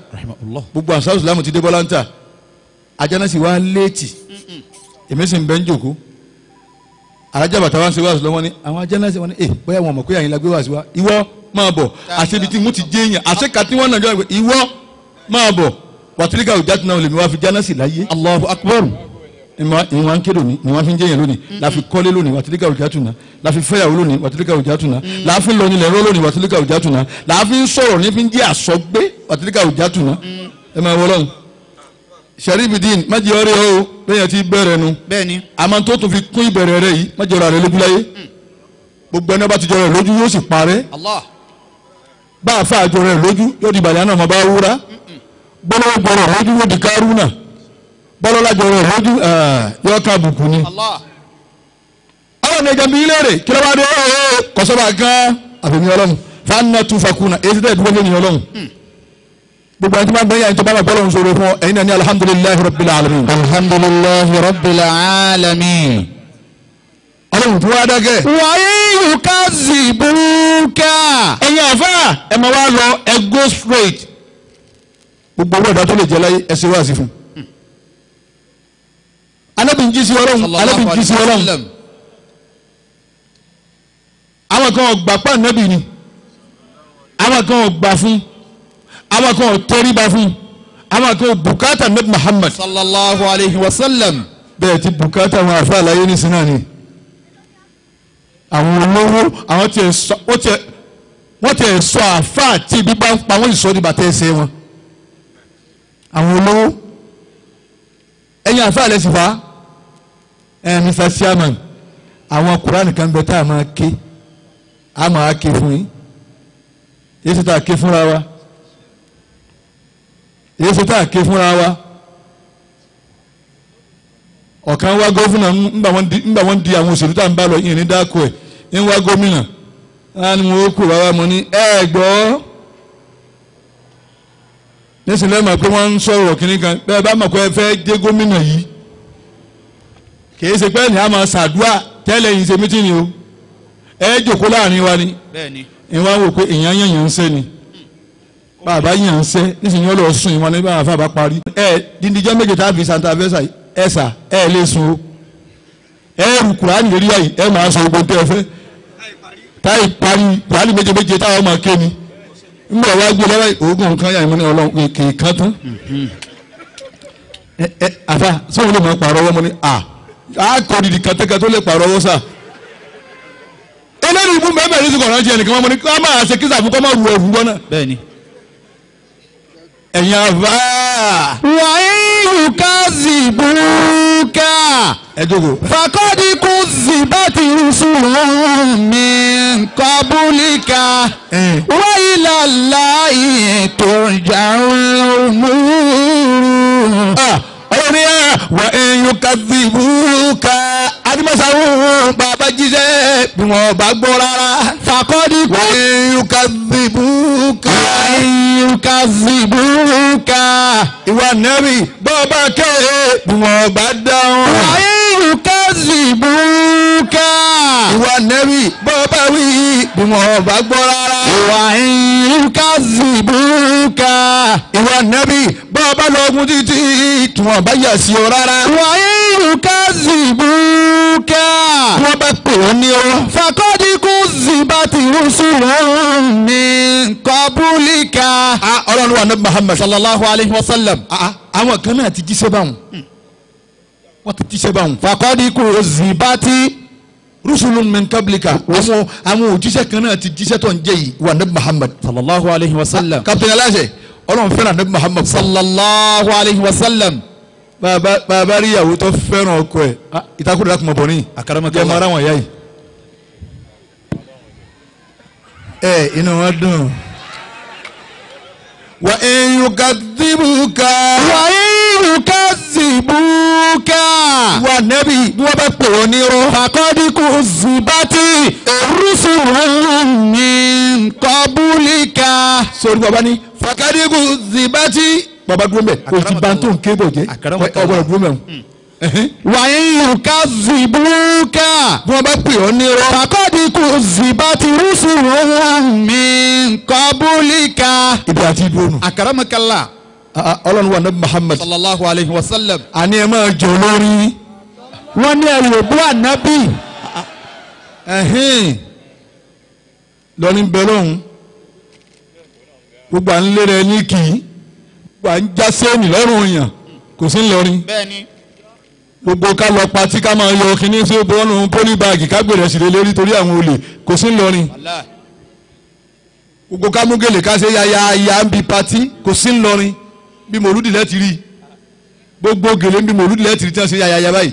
Speaker 1: gbogbo àṣà ti dé bọ́láńtà ajánásì wa léètì èmi sì ń alájà bàtà wá ń ṣe wáàsí lọ́wọ́ ni àwọn ajá náà ṣe wọ́n ni ẹ eh, bóyá wọn mọ̀ pé àyìnlá gbé wáàsí wa ìwọ máa bọ̀ àti ibi tí mo ti jẹ́ èèyàn àti kàtí wọn nàjọ ìwé ìwọ máa bọ̀ wàtílíkà òjá tún náà lèmi wá fi jáná sí láyé Allahu Akbar ìwọ̀n kéde òní ni wọ́n fi ń jẹ́yàn lónìí mm-hmm. láfi kọ́lé lónìí wàtílíkà òjá tún náà láfi fẹ́yàwó lónìí wàtílíkà òjá tún náà láfi lọ́ni sharifudin májè ọrẹ o lẹ́yìn tí bẹ̀rẹ̀ nu bẹ́ẹ̀ni àmọ́ tó tún fi kún ìbẹ̀rẹ̀ rẹ yìí májè ọrẹ rẹ lójú láyé hmm. gbogbo ẹni bá ti jọrọ lójú yóò sì parẹ́ bá a fà jọrọ lójú yóò di bàlẹ́ àná bá wúra hmm, hmm. bọ́lá jọrọ lójú yóò di kárúnà bọ́lá jọrọ lójú yóò ká bùkù ni. ọlọ́run ẹ̀jẹ̀ mi léèrè kí ló bá dé kọ́sọ́bà gan-an àbẹ̀mí ọlọ́run fanatu fakuna èyí ti tẹ̀ dúró gbogbo ẹni tí wọn gbẹ yẹn tó bá ma bọ́lọ̀ ń sọ̀rọ̀ fún ẹ̀yin náà ní alihamudulilayi rabbil alamin. alihamudulilayi rabbil alamin. ọlọ́run tó wá dákẹ́. wáyé yuka zibuka. ẹ̀yin àfa ẹ̀ máa wá lọ ẹ̀ go straight. gbogbo owó ẹ̀dá tó lè jẹ́ láyé ẹ̀ ṣe wá sí fún. Ànábì ń jí sí ọlọ́run Ànábì ń jí sí ọlọ́run. àwọn kan ò pa Ànábì ni àwọn kan ò fún àwọn kan ò tẹríba fún àwọn kan ò bùkátà nabi Muhammad. sallallahu alayhi wa sallam. bẹ́ẹ̀ ti bùkátà wọn àfa àlàyé ní sinna ni àwọn olówó àwọn tiẹ̀ sọ wọ́n tiẹ̀ wọ́n tiẹ̀ sọ àfa àti ibi bá ń pa wọ́n ìsọ ní bàtà ẹsẹ̀ wọn àwọn olówó ẹ̀yin àfa àlẹ́ sì fà ẹ̀ Mr. Chairman àwọn Kùránì kan bẹ tá a máa ké a máa ké fún yín yíṣẹ́ tá a ké fúnra wa. èyí ṣe tá a ké fúnra wa ọ̀kan mba gọ́fúnà ńgbà wọ́n di àwọn òṣèlú tá à ń lọ yìnyín dáko ẹ̀ ń wá gómìnà láàánú mo kú bàbá mo ní ẹ nísìnyí lẹ́yìn pé kan bẹ́ẹ̀ bá pé ẹ fẹ́ dé a tẹ́lẹ̀ yìí o ẹ jòkó láàrin wa ni ìwà wò pé bàbá yàn sẹ́ nísìnyí ọlọ́ sùn ìwọ̀n ní bàbá àfàbà parí. ẹ dídíjọ́ méje tá a fi santa fẹ́sà ẹ sà ẹ lè sun o ẹ rù kùránì lérí ayé ẹ máa sọ ogun tẹ ẹ fẹ́ táì parí kùránì méje méje táwọn máa ké ni n bọ̀ wá gbé lọ́wọ́ oògùn kan yà ìmọ̀ ní ọlọ́run kì í kan tán. ẹ ẹ àfà sọ́wọ́n ló máa pààrọ̀ ọwọ́ mọ́ ni à á kọ́ dìdì kàtẹ́kà tó lè pààrọ̀ ọwọ́ sà eléyìí mú mẹ́mẹ́rin sí kọ̀ọ̀rọ̀ jẹ́ ẹnìkan mọ́ ni ká máa ṣe kí sàfikọ́ máa rù ẹ̀rù gbọ́n náà. bẹ́ẹ̀ ẹ̀yin àfà. wàyí yùká zìbùkà. ẹ jókòó. fàkọ́dí kú zìbàtì rusulun min qablika. wa ila Allahi turja'ul umur. ọ̀rẹ́ wa in yukadhibuka tí mo sá wọn bàbá jíṣẹ́ bí wọn bá gbọ́ rárá. fàkọ́dí kú. ìyúkà zìbúkà. ìyúkà zìbúkà. ìwà nẹ́bí bọ́ọ̀bá kẹ́hẹ́ bí wọn bá dáhùn. ìyúkà zìbúkà. ìwà nẹ́bí bọ́ọ̀bá wí bí wọn bá gbọ́ rárá. ìwà ìyúkà zìbúkà. ìwà nẹ́bí bọ́ọ̀bá lọ́gùn títí tí wọn bá yà sí ọ rárá. ìwà ìyúkà yùkẹ́zìbùkà. tí wọ́n bá pè ọ́ ní ọwọ́. fàkọ́dí kún zibati rusulun min kọ́búlíkà. a ọlọ́run wa ní Muhammad sallallahu alayhi wa sallam. àwọn kan náà ti jíṣẹ́ báwọn hmm. wọ́n ti jíṣẹ́ báwọn. fàkọ́dí kún zibati rusulun min kabilika àwọn àwọn òjíṣẹ́ kan náà ti jíṣẹ́ tó ń jẹ́ yìí wa nabi muhammad sallallahu alayhi wa sallam. kapitali aláṣẹ ọlọ́run fẹ́ràn nabi muhammad sallallahu alayhi wa sallam bàbá rí ìyàwó tó fẹ́ràn ọkọ ẹ̀ ah, ìtakùrọ̀ láti bọ̀ ní jẹ́ mara wọn ìyá yìí. ẹ inú wọn dùn. wà á yún ká dìbùkà. wà á yún ká dìbùkà. wà nẹ́bí wọ́n bá pè wọ́n ní irọ́. fàkọ́díkù zibati rusulun min kọ́búlíkà. sori bàbá ni fàkọ́díkù zibati bàbá dúró mẹ́ o ti ban tó ń ké bọ̀ jẹ́ ọgbọ̀n dúró mẹ́ o. Hmm. wàyí yùká zibúkà. bí wọ́n bá pè ọ́ ní rọ. kàkọ́dì kù zìbá ti rúṣù wọn mi kọ́búlíkà. ibi àti ìdúró. àkàràmọ́kàlà. Ah, ah, ọlọ́run wa nabi muhammad. sallallahu alayhi wa sallam. àní ẹ máa jẹ olórí. wọ́n ní ẹ lò bú ànábì. lọ́ni bẹ́ẹ̀ lọ́hùn gbogbo à ń lé rẹ ní kì í wà ń já sẹ́ẹ̀nì lọ́rùn èèyàn kò sí ńlọrin gbogbo ká lọ patí ká máa yọ kíní sí bọ́ọ̀nù pólíbáàgì ká gbèrè sílẹ̀ lórí torí àwọn olè kò sí ńlọrin gbogbo ká mú gèlè ká ṣe yaya ya ń bi patí kò sí ńlọrin bí mòlúdì lẹ́tì rí gbogbo gèlè ń bi mòlúdì lẹ́tì rí tí wọ́n ṣe yaya ya báyìí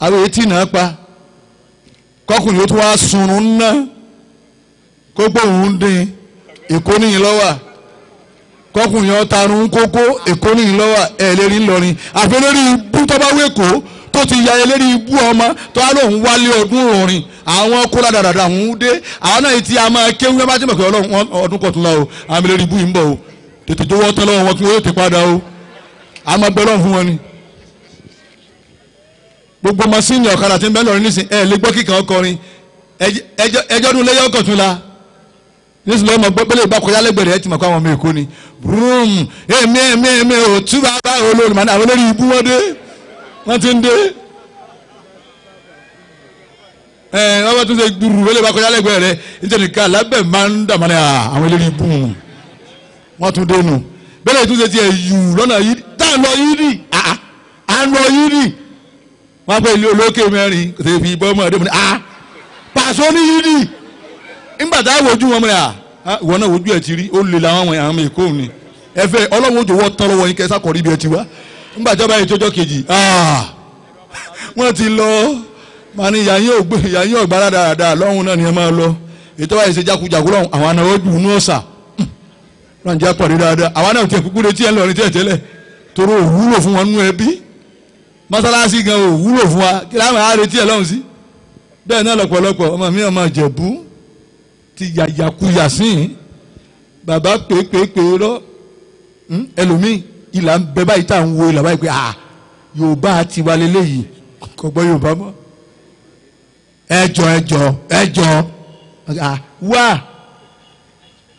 Speaker 1: àwọn etí náà pa kọkùnrin ó tún wá sunrun náà kó gbóhùn dín èkó níyìn lọ́wọ́ à kọkùnrin ọ̀tarun kókó èkó ní ìlọ́wà ẹ̀ẹ́lérí ńlọrin àfi olórí ibú tó bá tó ti ya eléré ibú ọmọ tó wá lóun wálé ọdún òrin àwọn kóra dàdàdà ń dé àwọn náà ti a máa kéwú bá jẹ́ mọ̀ pé ọdún kọ̀tún la o àwọn eléré ibú yìí ń bọ̀ o tètè tó wọ́ tán wọn kí wọ́n tètè padà o a máa bẹ́ lọ́hùn wọn ni. gbogbo masini ọ̀kadà ti ń bẹ́ lọ́rin nísìnyí ẹ̀ lé gbọ́ kíkan ọkọrin ẹjọ́ dún léyà ọkọ̀ la yéésù lọ́wọ́ mọ̀ gbọ́gbẹ́lẹ́ ìgbà kọjá lẹ́gbẹ̀rẹ́ ẹ ti mọ̀ pé àwọn ọmọ èkó ni brum èmi èmi èmi ò tú bàbá olórí màdà àwọn olórí ibú wọn dé wọn ti ń dé ẹ ọba tó ṣe gbúrú wọlé ìgbà kọjá lẹ́gbẹ̀rẹ́ nítorí ká lábẹ́ máa ń dà mọ́lẹ́ àwọn olórí ibú wọn wọn tún dé nù bẹ́lẹ̀ tó ṣe yù lọ́nà yìí tá à lọ yìí rì à ń lọ yìí rì wọn bẹ ilé olókè mẹ́rin kò sì fi ìbọn mọ́ ọdẹ mọ́ ni à pàṣọ ní yìí rì. nígbà tá a wojú wọn mìíràn ìwọ náà wojú ẹ ti rí ó lè làwọn àwọn èkó ni ẹ fẹ́ ọlọ́wọ́ òjò wọ́n tán lọ́wọ́ yín kẹsà kọ̀rí bí ẹ ti wá nígbà bá yẹ kejì ti lọ màá ní yàyín ògbára dáadáa lọ́hùn náà ni ẹ máa lọ ètò àyè ṣe jákujàku lọ́hùn àwọn àna ojú inú ọ̀sà ránjẹ akọ̀rí dáadáa àwọn náà tiẹ̀ kúkú de tiẹ̀ lọ́rin tiẹ̀ tẹ́lẹ̀ torí fún wa kí lọ́hùn sí bẹ́ẹ̀ náà lọ́pọ̀lọpọ̀ ọmọ mi ọmọ ti yàyàkuyà sí i baba pèépèépè rọ hmm? ẹlòmíì ìlà ń bẹ báyìí tá à ń wo ìlà báyìí pé à ah, yorùbá ti wà lélẹ́yìí kò gbọ́ yorùbá mọ́ ẹjọ ẹjọ ẹjọ ah, wá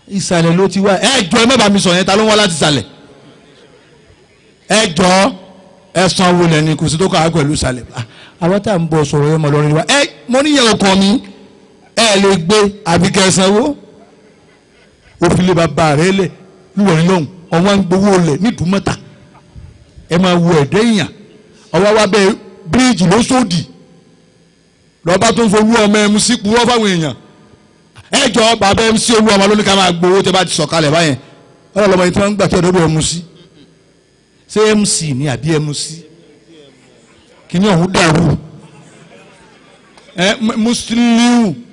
Speaker 1: ìsàlẹ̀ ló ti wá ẹjọ ẹ má bàa mi sọ yẹn ta ló ń wá láti ìsàlẹ̀ ẹjọ ẹ̀sán wo lẹ́ni kò sí tó kọ́ àá pẹ̀lú ìsàlẹ̀ ah, àwọn tá à ń bọ̀ sọ̀rọ̀ yẹn mọ̀ lọ́rin wa ẹ mo ní yẹn ọkọ mi ẹ lè gbé àbí kẹsànwó òfìlè bàbá rẹ lẹ lùwẹ̀rin lọ́hùn ọ̀wọ́n ń gbowó lẹ̀ nídùúmọ́ta ẹ máa wo ẹ̀dẹ́ èèyàn ọwọ́ wa bẹ bíríìjì ló sódì lọ́ba tó ń fowó ọmọ ẹmu sí purọ́ fáwọn èèyàn ẹ jọ bàbá ẹmu sí owó ọmọ lónìí ká máa gbowó tẹ bá ti sọ̀kalẹ̀ báyẹn ọlọ́lọ́mọ yìí tí wọ́n ń gbà tí ọ̀dọ́ bẹ ẹmu sí ṣé mc ni àbí ẹmu sí kí ni ọ̀hún dàrú ẹ mùsùlùmí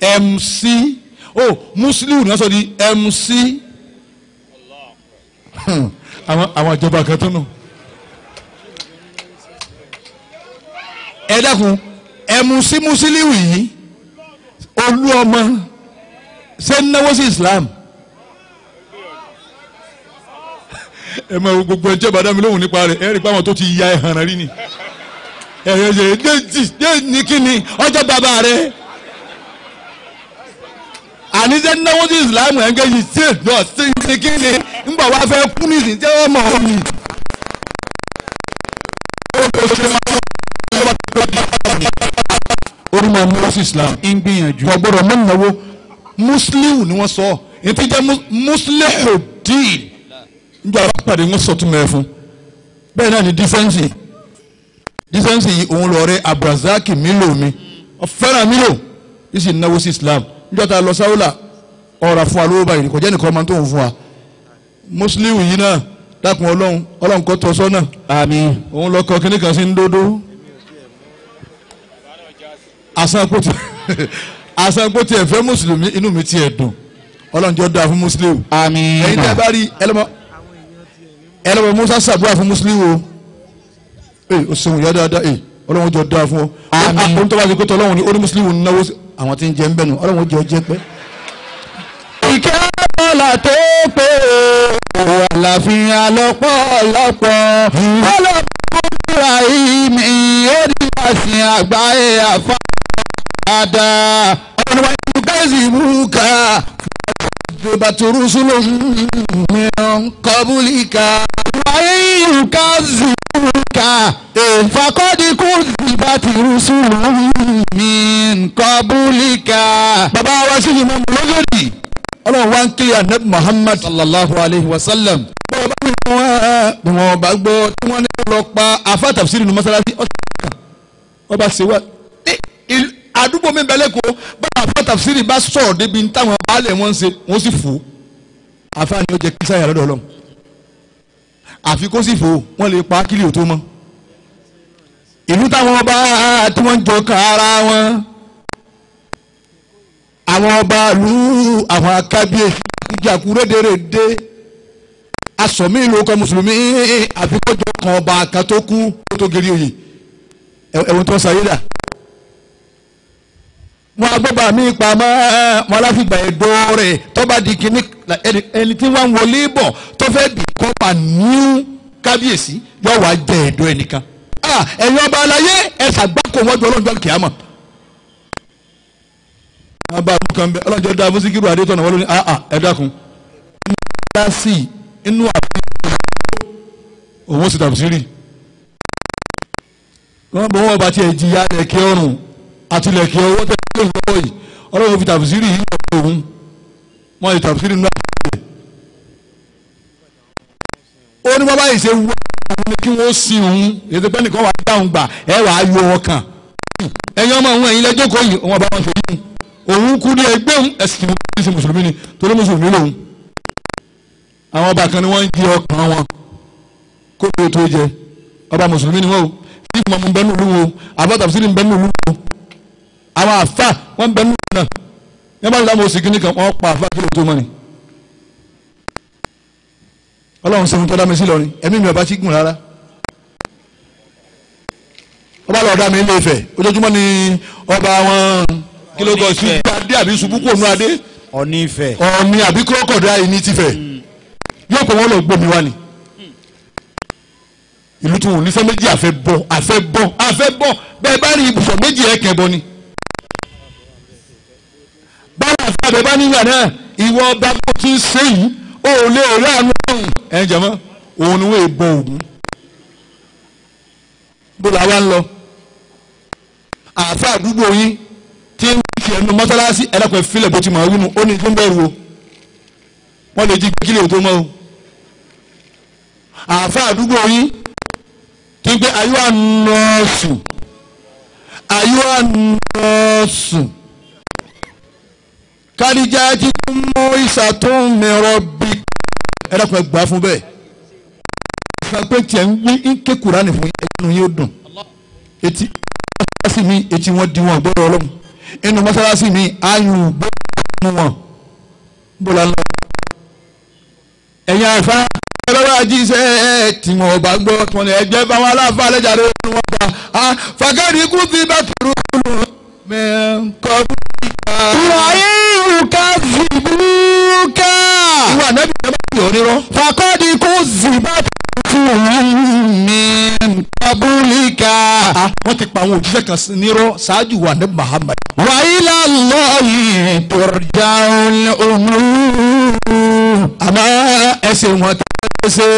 Speaker 1: mc oh muslim náà sọ di mc hmm. àwọn àwọn ìjọba kan tó nù. ẹ dákun mc muslim yìí olú ọmọ ṣé ń náwó sí islam ẹ máa gbogbo ẹjẹ bàdá mi lóhùn nípa rẹ ẹ rí i pé àwọn tó ti ya ẹ̀hàn rí ni. ẹ̀rẹ̀rẹ̀ déjì déjì kíni ọjọ́ bàbá rẹ àníṣe náwó sí islam ẹ̀ńgẹ́jì sí èdè ọ̀sìn ní kíni ńgbà wá fẹ́ kú ní ìsìn jẹ́wọ́ mọ̀ ọ́nì. orúkọ náwó sí islam ń gbìyànjú náwó ni sọ pàdé wọn sọ tún fún náà ni dísẹ́ǹsì yìí òun lọ rẹ abrazaki mílò mi ọ̀fẹ́ràn mílò yìí sì náwó islam níjọ́ta lọ sáwùlà ọ̀rà fún wa lówó báyìí kò jẹ́ nìkan máa tó ń fún wa mùsùlùmí yìí náà dákun ọlọ́run ọlọ́run kọ́ tọ́ sọ́nà àmín òun lọ kọ kíní kan sí ń dódó àsanpó tiẹ̀ fẹ́ mùsùlùmí inú mi tiẹ̀ dùn ọlọ́run jọ dáa fún mùsùlùmí àmín ẹ̀yin tẹ́ bá rí ẹlọ́mọ ẹlọ́mọ musa sàbúrà fún mùsùlùmí o ee o ṣeun ìyá dáadáa ee ọlọ́run jọ dáa fún ọ. àmín ohun tó bá ti kó tọ ọlọ́run ni ó ní mùsùlùmí náwó àwọn tí ń jẹ ń bẹ̀ nù jọ jẹ pẹ́. ìkẹ́ ọ̀la tó pé àlàáfíà lọ́pọ̀ lọ́pọ̀ ọlọ́run ìrà ìmì ó ní àsìn àgbáyé àfa àdá ọ̀nà ìgbésí mú ká bàtúrúsùlù mi ń kọ́bùlì ká wáyé ìrùkà zùmù ka fakọ́dínkù ìbá ti rusulu min qablika. bàbá wa sí ìmọ̀ lọ́gọ́dì ọlọ́run wa ń kiri anabi muhammad sallallahu alayhi wa sallam. bàbá mi wá bí wọn bá gbọ́ tí wọ́n ní lọ pa àfa tafsiri ní mọ́sálásí ọ̀sán ọba ṣe wá. àdúgbò mi bẹ̀lẹ̀ kó bá àfa tafsiri bá sọ̀rọ̀ débi táwọn baálé wọn ṣe wọ́n sì fò àfa ni ó jẹ kí sáyà lọ́dọ̀ ọlọ́run àfi kó sì fò wọ́n lè pa kílì ò tó mọ́ ìlú táwọn ọba tí wọ́n ń jọ kan ara wọn àwọn ọba ìlú àwọn akábíyèsí jàkú rédèrèdè asọ̀mí ìlú ọkọ mùsùlùmí àfikọ́jọ kan ọba kan tó kú kó tó geri oyè ẹ̀wọ̀n tó sàyé dà wọn agbọ́ba mi pamọ́ wọn aláfíìgbà ẹ̀dọ́ rẹ̀ tọ́ba di kínní ẹni tí wọ́n ń wọlé bọ̀ tó fẹ́ bí kọ́pa ní kábíyèsí yóò wá jẹ ẹ̀dọ́ ẹnìkan kádàrà ah, ẹ̀yin ọba aláyé ẹ ṣàgbákò wọ́n ju ọlọ́njọ́ kìámọ̀. abá àbúrò kan bẹ ọlọ́njọ́ dáa fún síkírù adétọ́nà wọ́n ló ní àà ah, ah, ẹ dákun. inú àbúrò òun sì tàbùsírì. wọ́n bọ̀ wọ́n bá tiẹ̀ jìyà lẹ̀kẹ́ ọrùn àti lẹ̀kẹ́ ọwọ́ tẹ̀ ẹ́ lọ́wọ́ yìí ọlọ́run fi tàbùsírì yìí lọ́wọ́ òun wọ́n yìí tàbùsírì nínú àbúrò ó ní bábá yìí ṣe wú òun ni kí wọ́n sin òun ètò pé nìkan wàá gbà òun gbà ẹ wàá yọ ọkàn ẹ̀yin ọmọ òun ẹ̀yin lẹ́jọ́ kọ́ yìí òun ọba wọn ṣòwò òun kú ní ẹgbẹ́ òun ẹ̀sìn òun ṣe mùsùlùmí ni torí mùsùlùmí lòun àwọn ọba kan ni wọ́n ń di ọkàn wọn kó tó tó jẹ ọba mùsùlùmí ni wọ́n o fífi mọ̀mú bẹ́ẹ̀ nù lúwo àbọ̀tàbísí ni bẹ́ẹ̀ nù lúwo àwọn àfa wọ́n bẹ́ẹ̀ nù náà yẹ́n bá ọlọ́run sẹ́wọ́n tó dá mi sí lọ ni ẹ̀mí mi ọba ti gùn rárá ọba lọ́ọ́ dá mi ilé Ifẹ̀ ojoojúmọ́ ni ọba wọn kí ló kọ ṣubú adé àbí ṣubú kò nu adé ọ̀ní Ifẹ̀ ọ̀ní àbí kúrọ́kọ̀dá yìí ní tìfẹ̀ hmm. yóò pọ̀ wọ́n lọ gbómi wá ni hmm. ìlú tí wọn ò ní fẹ́ méjì àfẹ́ bọ́ àfẹ́ bọ́ àfẹ́ bọ́ bẹ́ẹ̀ bá rí ibùsọ̀ méjì ẹ̀ kẹ́ bọ́ ni báwa àfẹ́ àbẹ̀ bá nígbà náà ìwọ ọba tó ti ń o ò lè rí àánú ọ̀hún ẹ̀ jẹ̀mọ́ òun ni wọ́n èèbọn ògún bó la wá ń lọ àfa àdúgbò yín tí ń fi ẹnu mọ́sálásí ẹlẹ́kọ̀ọ́ ìfilẹ̀ bó ti mọ̀ ọ́ wínú ó ní tó ń wo. o wọ́n lè jí kílè tó mọ́ o àfa àdúgbò yín tí ń pẹ́ ayé wa nọ́ọ̀sù ayé wa nọ́ọ̀sù kàdíjà ti tún mú ìṣàtúnmìíràn bí ẹ̀rọ kan gbà fún bẹ́ẹ̀. ìfẹ́ pé tiẹ̀ ń wí ń ké kúránì fún ẹ̀yẹ́nu yóò dùn etí mọ́sálásí mi etí wọn di wọn gbọ́dọ̀ ọlọ́run inú mọ́sálásí mi ayùn gbọ́dọ̀ wọn bọ́lá lọ. ẹ̀yin àfa ẹlọ́wọ́ àjíṣẹ́ tí wọn bá gbọ́ tí wọn lè ẹgbẹ́ bá wọn aláfa alẹ́jàre wọn wọn bá a fàkàdé kú fi bá tòrò lù mẹ́ńkọ́ fún mi yukazzibuka. ìwà nàbì yẹn bá yọ̀ nírọ́. fàkọ́dí kò zì bá fún mi kábúlíkà. wọ́n ti pa àwọn òjíṣẹ́ kan nírọ́ ṣáájú wa ní Muhammad. wa ila Allahi turja'ul umur. àmọ́ ẹsẹ̀ wọn tó ń ṣe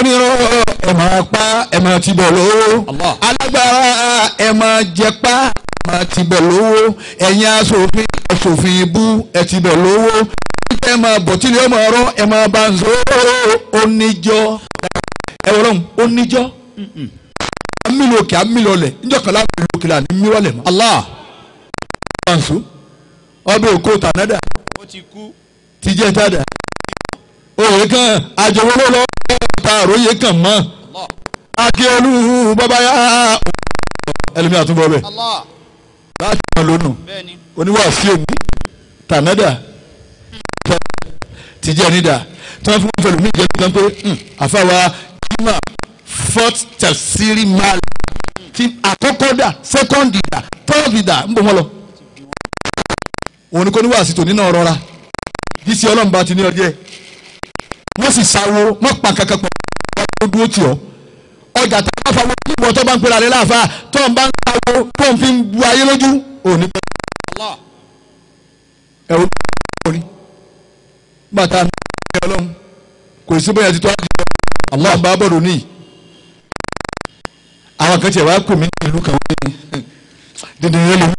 Speaker 1: onírọ́ ẹ̀ máa pa ẹ̀ máa ti bọ̀ lọ́wọ́. alágbára ẹ̀ máa jẹ pa ọmọ tibẹ̀ lówó ẹ̀yin aṣòfin aṣòfin ibú ẹ̀ tibẹ̀ lówó ẹ máa bọ̀ ọmọ ọ̀rọ̀ ẹ máa bá ń sọ oníjọ́ ẹ wọ́n lọ́hùn oníjọ́ amílò òkè amílò ọ̀lẹ̀ níjọ́ kan òkú tànádà tàdà òye kan àjọwọ́lọ́ lọ kan mọ́ akíọ́lù bàbá bẹ́ẹ̀. láti mọ̀ lónù oníwàásù èmi tànádà tìjẹ́nidà tí wọ́n fi wọ́n fẹ̀lú mí jẹ́ lọ́gbọ́n pé àfàwà jimá fort tafsiri mal ti àkọ́kọ́ dà sẹ́kọ́ndì dà tọ́ọ̀dì dà ń bọ̀ wọ́n lọ. òun ni kò ní wàásù tòní náà rọra bísí ọlọ́mùbá ti ní ọjẹ́ wọ́n sì sáwó wọ́n pa kankan pọ̀ wọ́n dúró tì ọ́ ọjà tó bá fawọ́ nígbà tó bá ń pera rẹ̀ tó ń bá ń kawọ́ tó ń fi ń bu ayé lójú òní pẹ̀lú Allah ẹ̀rù tó ń bá ta ní ọlọ́run kò sí bóyá títọ́ àjọ Allah bá bọ̀rọ̀ níyì àwọn kan tiẹ̀ wá kù mí ní kan wọ́n ní dídì ní ẹlòmí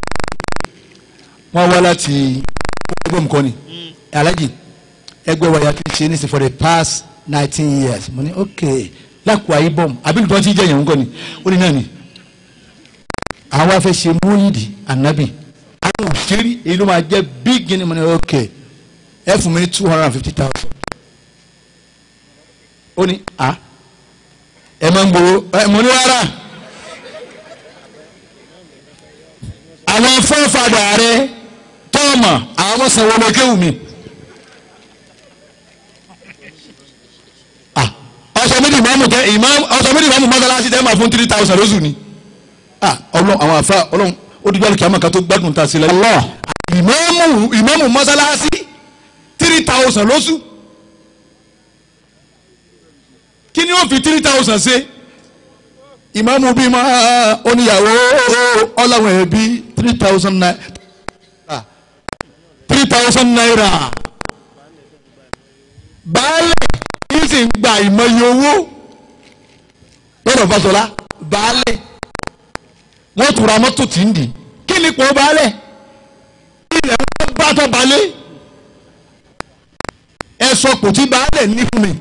Speaker 1: wọ́n wá láti ẹgbẹ́ mi kọ́ ni alájì ẹgbẹ́ wa yà fi ṣe é nísìnyí for the past nineteen years mo ní okay lákùá ibom àbílù tó ti jẹ yẹn ń ni ó ní náà ni àwa fẹ́ ṣe àwọn òṣèré èyí ló máa jẹ́ big guinea money okay ẹ fún mi ní two hundred and fifty thousand ó ní a ẹ máa ń gbòòrò ẹ mọ ní rárá àwọn fọ́nfàdà rẹ tọ́ọ̀mà àwọn sanwó-ọmọ kéwù mi. aṣọ méjì ìmáàmù tẹ ìmáàmù aṣọ méjì ìmáàmù mọ́sálásí tẹ́ máa fún three thousand lóṣù ni. Ah, ọlọ́run àwọn àfa ọlọ́run ó dúpẹ́ lókè àmọ́ kan tó gbádùn ta sílẹ̀. ìmáàmù ìmáàmù mọ́sálásí three thousand lóṣù. kí ni ó fi three thousand ṣe ìmáàmù bíi máa oníyàwó ọlọ́run ẹ̀ bíi three thousand naira ah, three thousand naira baálé ń sì ń gba ìmọye owó lọ́dọ̀ Fáṣọlá baálẹ̀ wọ́n tún ra mọ́tò tí ń dì kí ni kò baálẹ̀ ilẹ̀ wọn bá tọ́ balẹ̀ ẹ sọ kò tí baálẹ̀ ní fún mi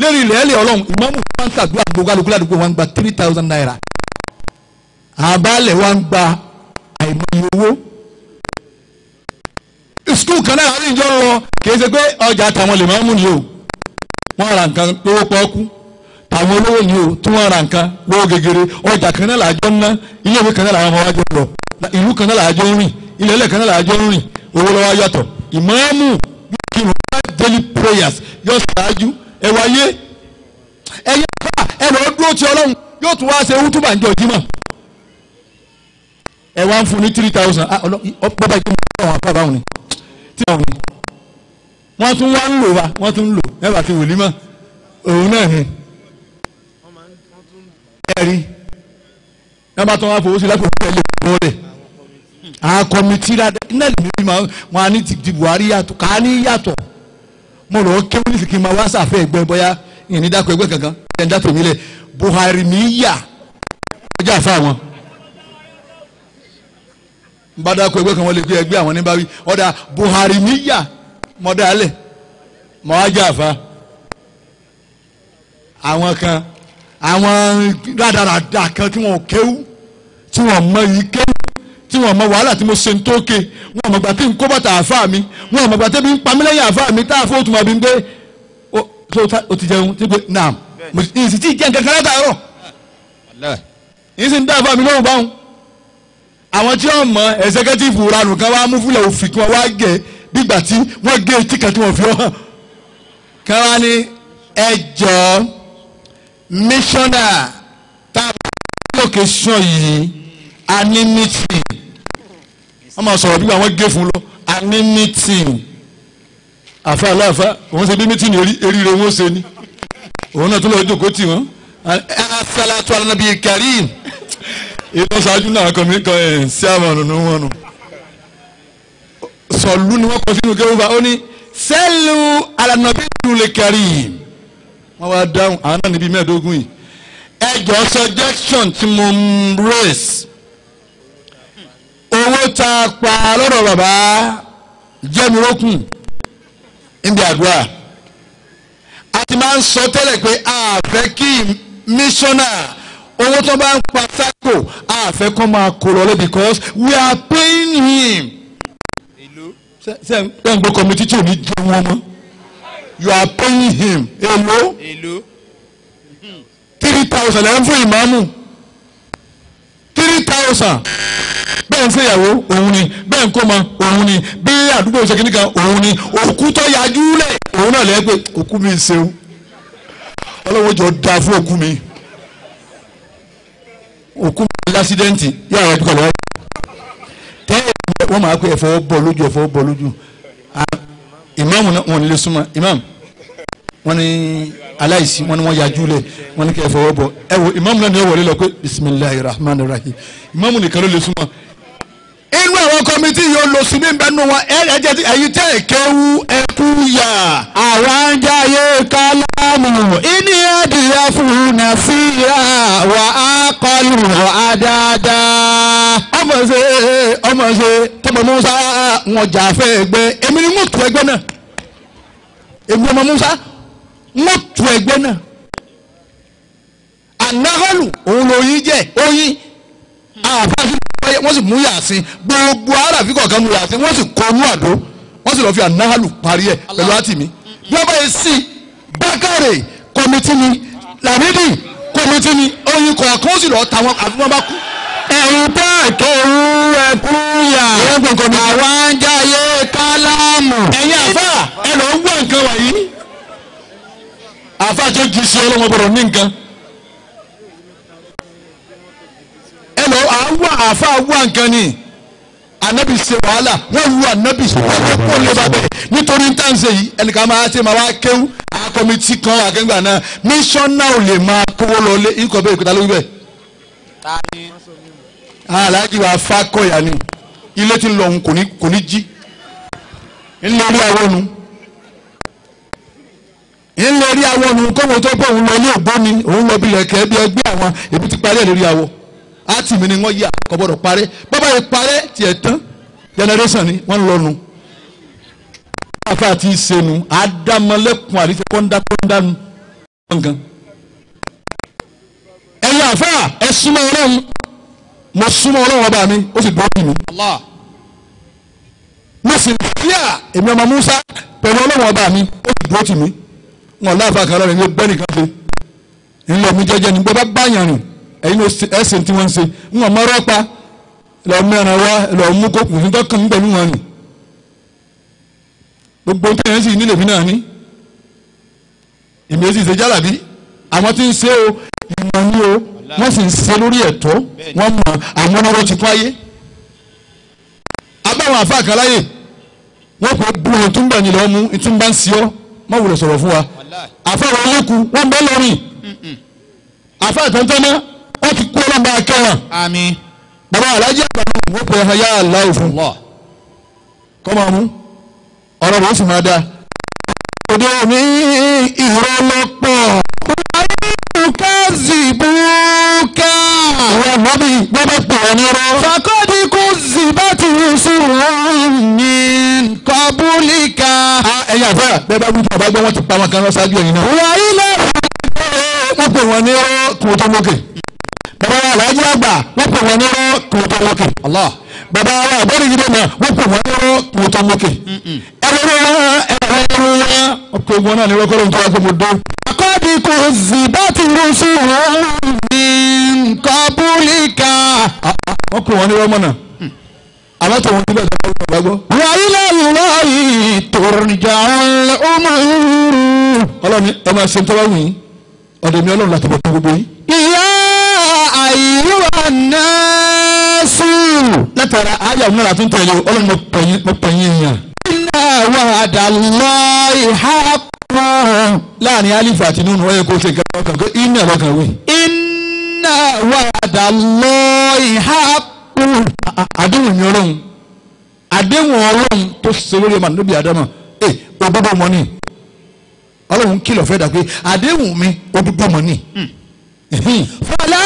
Speaker 1: lórí ilẹ̀ ẹlẹ́ ọlọ́run ìmọ̀mù wọn ń tàdúrà gbogbo alùpùpù ládùúgbò wọn ń gba three thousand naira àbálẹ̀ wọn ń gba àìmọye owó skul kan náà àríyànjọ lọ kì í ṣe pé ọjà àtàwọn lè máa mú ni o wọ́n ra nǹkan lówó pọ́ọ́kú tàwọn olówó ni o tí wọ́n ra nǹkan lówó gegere ọjà kan náà làájọ́ ńná ilé ìwé kan náà làwọn ọmọ wájú lọ ìlú kan náà làájọ́ ń rìn ilé ilẹ̀ kan náà làájọ́ ń owó lọ́wọ́ yàtọ̀ ìmáàmù bí daily prayers yóò ṣáájú ẹ wáyé ẹ̀yẹ́ bá ẹ lọ́ọ́ dúró ti ọlọ́run yóò tún wá ṣe wútúbà ń jọ jímọ̀ ẹ wá ń fún ní three thousand ah, ọ̀pọ̀ bá ìgbìmọ̀ àwọn àpá báwọn ni wọ́n tún wá ń lò wá wọ́n tún ń lò ẹ̀bà ti wòlí mọ́ òun náà ni. ẹ̀rí nígbà tó wá fowó sí lẹ́kọ̀ọ́ fún ẹ̀lẹ́ ìgbọ́n rẹ̀ àwọn kọ́mìtì dáadáa iná lè mímọ́ wọn á ní ti Buhari yàtọ̀ ká ní yàtọ̀ mo lọ kéwọ́n ní sìkì wá sàfẹ́ ẹgbẹ́ bọ́yá ìyẹn ní dákọ̀ ẹgbẹ́ kankan ẹ̀yẹn dátò mi lẹ̀ Buhari mi yà ọjà fáwọn bá dákọ̀ ẹgbẹ́ kan wọ́n lè gbé ẹgbẹ́ àwọn ní ọ̀dà Buhari mi yà mọ̀dálẹ̀ mọ̀ájàfa àwọn kan àwọn rádaràdà kan tí wọn ò kéwú tí wọn mọ yìí kéwú tí wọn mọ wàhálà tí mo ṣe ń tóke wọn mọ̀gbà tí n kó bàtà àfa mi wọn mọ̀gbà tí n pamí lẹ́yìn àfa mi tá a fọ́ òtún àbí gbé o ti jẹun ti gbé naam ìsì tí jẹun kankan látàárọ̀ ìsì ń dá àfa mi lóhùn báwọn àwọn tí wọn mọ ẹsẹkẹtìfù ranù kan wá mú fúlẹ̀ òfì kí wọn wá gẹ̀ẹ́ gbígbà tí wọ́n gé etí kan tí wọ́n fi ọ́ hàn. káwa ni ẹ jọ mísọ́nà tábà lókè sùn yìí a ní mítìn wọ́n máa sọ̀rọ̀ bí wọ́n gé fún lọ a ní mítìn àfa aláfa òun ṣe bí mítìn eríire wọn ṣe ni òun náà tó lọ jókòó tì wọ́n asalatu alanabi karim ìlọsàájú náà kọ mí kan ẹ̀ ṣé àwọn ọ̀nà wọn nù sọ̀lú ni wọ́n kọ sínú kérúbà ó ní sẹ́lù alànàbí ìdúlé kárí yìí wọ́n wá dáhùn àwọn náà níbi mẹ́ẹ̀ẹ́dógún yìí ẹjọ́ suggestion tí mo ń raise owó tá pa lọ́dọ̀ bàbá jẹ́mirókùn níbi àdúrà a ti máa ń sọ tẹ́lẹ̀ pé a fẹ́ kí mísọ́nà owó tó bá ń pa sákò a fẹ́ kó máa kó lọ lẹ́ because we are paying him sẹ́ǹgbẹ́ kọ́mítì tí ò ní jẹ́ wọn mọ́ you are paying him èlò three thousand ẹ̀ ń fún ìmáàmù three thousand bẹ́ẹ̀ ń fẹ́yàwó òun ni bẹ́ẹ̀ ń kó ma òun ni bí àdúgbò ṣe kíní òun ni òkú tó yájú lẹ̀ òun náà lẹ́gbẹ̀ẹ́ òkú mi ń ṣeun ọlọ́wọ́ jọ da fún òkú mi òkú mi lásídẹ́ǹtì yàrá ìdúgbò lọ́wọ́ wọ́n máa pé ẹ̀fọ́ bọ̀ lójú ẹ̀fọ́ bọ̀ lójú ìmáàmù náà wọ́n lè súnmọ́ ìmáàmù wọ́n ní aláìsí wọ́n ní wọ́n yájú lẹ̀ wọ́n ní kẹ́ ẹ̀fọ́ bọ̀ ẹ wo náà ni ó wọlé lọ pé bisimilahi rahman rahim ìmáàmù nìkan ló lè súnmọ́ inú àwọn kọmitì yóò lò sí mi bẹ́ẹ̀ nù wọn ẹ jẹ́ ti ẹ̀yin tẹ́ ẹ̀ kéwu ẹ kú yà. àwa ń jáyé kálámù iní ẹ̀dìyẹ fún nàfíà wà á kọlù àdáadá. ọmọ ṣe ọmọ ṣe tọmọ Musa wọn jà fẹ́ ẹgbẹ́ èmi ni mo tu ẹgbẹ́ náà èmi ọmọ Musa mo tu ẹgbẹ́ náà ànáhọ́lù òun lòyìn jẹ́ oyin àfáàfin lágbáyé wọ́n sì mú yàsín gbogbo aráàfin kọ̀ọ̀kan mú yàsín wọ́n sì kọlu àdó wọ́n sì lọ́ọ́ fi ànáhàlù parí ẹ̀ pẹ̀lú àtìmí bí wọ́n bá yẹ sí bákàrẹ̀ kọ́mítì ni làmídì kọ́mítì ni oyin kọ̀ọ̀kan ó sì lọ́ọ́ ta wọn àfi wọ́n bá kú. ẹ̀rù bẹ́ẹ̀ tó rú yà àwa ń jáyé kálámù. ẹ̀yin àfà ẹ̀ lọ́ọ́ wọ nǹkan wọ̀nyí àfà tó ju sí ọlọ́mọ lọ àwa àfa àwa nǹkan ni anabi ṣe wàhálà wọ́n wu anabi wọ́n fẹ́ kó lè bàbẹ̀ nítorí tá à ń ṣe yìí ẹnìkan máa ṣe máa wá kéwú àkọ́mìtì kan àkẹ́gbà náà mísọ́nà ò lè máa kówó lọ lé ikọ̀ bẹ́ẹ̀ òkúta lórí bẹ́ẹ̀. aláàjì wa fakọ̀yà ni ilé ti lọ òun kò ní jí ńlẹ́rí awọ́nu ńlẹ́rí awọ́nu kọ́mọ̀tò pé òun lọ ní ògbóni òun lọ bí lẹ̀kẹ́ bí ẹgbẹ́ àwọn èbúté parí ẹ̀ lórí awọ́ àti mi ni wọ́n yà kò gbọ́dọ̀ parẹ́ bàbá yìí parẹ́ tiẹ̀ tán generation ni wọ́n lọ́nu. àfa ti senu àdàmọ́lẹ́kùn àríṣe kọ́ńdákọ́ńdánu gbọ̀ngàn. ẹ̀yin àfa ẹ súnmọ́ ọlọ́run mo súnmọ́ ọlọ́run ọba mi ó sì dọ́ọ̀kì mi. mo sì ń fíà èmi ọmọ Musa pẹ̀lú ọlọ́run ọba mi ó sì dọ́ọ̀kì mi. wọn láfa kan lọ́rọ̀ ẹni bẹ́ẹ̀ nìkan ṣe ńlọ mi jẹ́jẹ́ ni bó bá rìn ẹ̀yin ẹ̀sìn tí wọ́n ń ṣe ń wọ́n mọ́rọ́ pa lọ mẹ́ran wá lọ mú kó kùn fíntọ́ kàn ń pẹ̀lú wọn nì gbogbo tó yẹn sì nílè mí náà ní èmi èsì ìṣèjálàbí àwọn tí ń ṣe o ìmọ̀ ni o wọ́n sì ń ṣe lórí ẹ̀tọ́ wọ́n mọ àwọn ọ̀rọ̀ ti kọ́ ayé abáwọn àfa àkàláyè wọ́n kò bu ohun tó ń bẹ̀ nílẹ̀ ọmú ìtúmbà ń sí ọ́ má wulẹ̀ sọ̀rọ̀ fún wa àfa àwọn olókùn wọ́n bẹ́ lọ́rìn àfa àtọ́ntọ́ná wọ́n ti kú ọlọ́mọ akẹ́wọ̀n. àmín. bàbá alájà àgbàdo ìwé pè é ya Allah fún. kọ́ máa ọ̀rọ̀ bó sì máa dáa. òde mi ìrọ̀ lọ́pọ̀. kúkà zìbúkà. àwọn ọmọ mi gbọ́dọ̀ pè é nírọ̀. fàkọ́dí kú zìbá ti rú sí ní kọ́búlíkà. ẹ̀yin àfẹ́ bẹ́ẹ̀ bá gbúdọ̀ bá gbọ́ wọn ti pa wọn kan lọ ṣáájú ẹ̀yin náà. wà á pè wọn ní kùn tó mókè bàbá wa aláàjì àgbà wọ́n pè wọ́n nírọ́ kí Baba wa àbọ̀rì yìí dènà wọ́n pè wọ́n nírọ́ kí wọ́n tó mókè. ẹ̀rọ ẹ̀rọ ẹ̀rọ ọkọ̀ ìgbọ́n náà nírọ́ kọ́ ló ń tọ́ akọ́ mo dé. àkọ́bí kò sì bá ti rún sí wọn ní nǹkan búlíkà. wọ́n pè wọ́n nírọ́ mọ́nà aláta hmm. wọn níbẹ̀ tó tòrìjà ọmọ ìrù. ọlọ́ni ẹ àìwà nẹ́ẹ̀sù. látara ayé àwọn ọ̀nà àtúntò yìí ọlọ́run mo pẹ̀yìn èèyàn. iná wà dàlọ́ ìhà kan. láàrin alifu àti nínú ọ̀yẹ́ kó ṣe nǹkan kan pé iná wà kan wé. iná wà dàlọ́ ìhà kan. àdéhùn ni ọlọ́run àdéhùn ọlọ́run tó ṣe lórí ọmọ níbi àdámà ẹ eh, òbúbọ mọ ni ọlọ́run kìlọ̀ fẹ́ dà pé àdéhùn mi òbúbọ mọ ni. Hmm. fọlá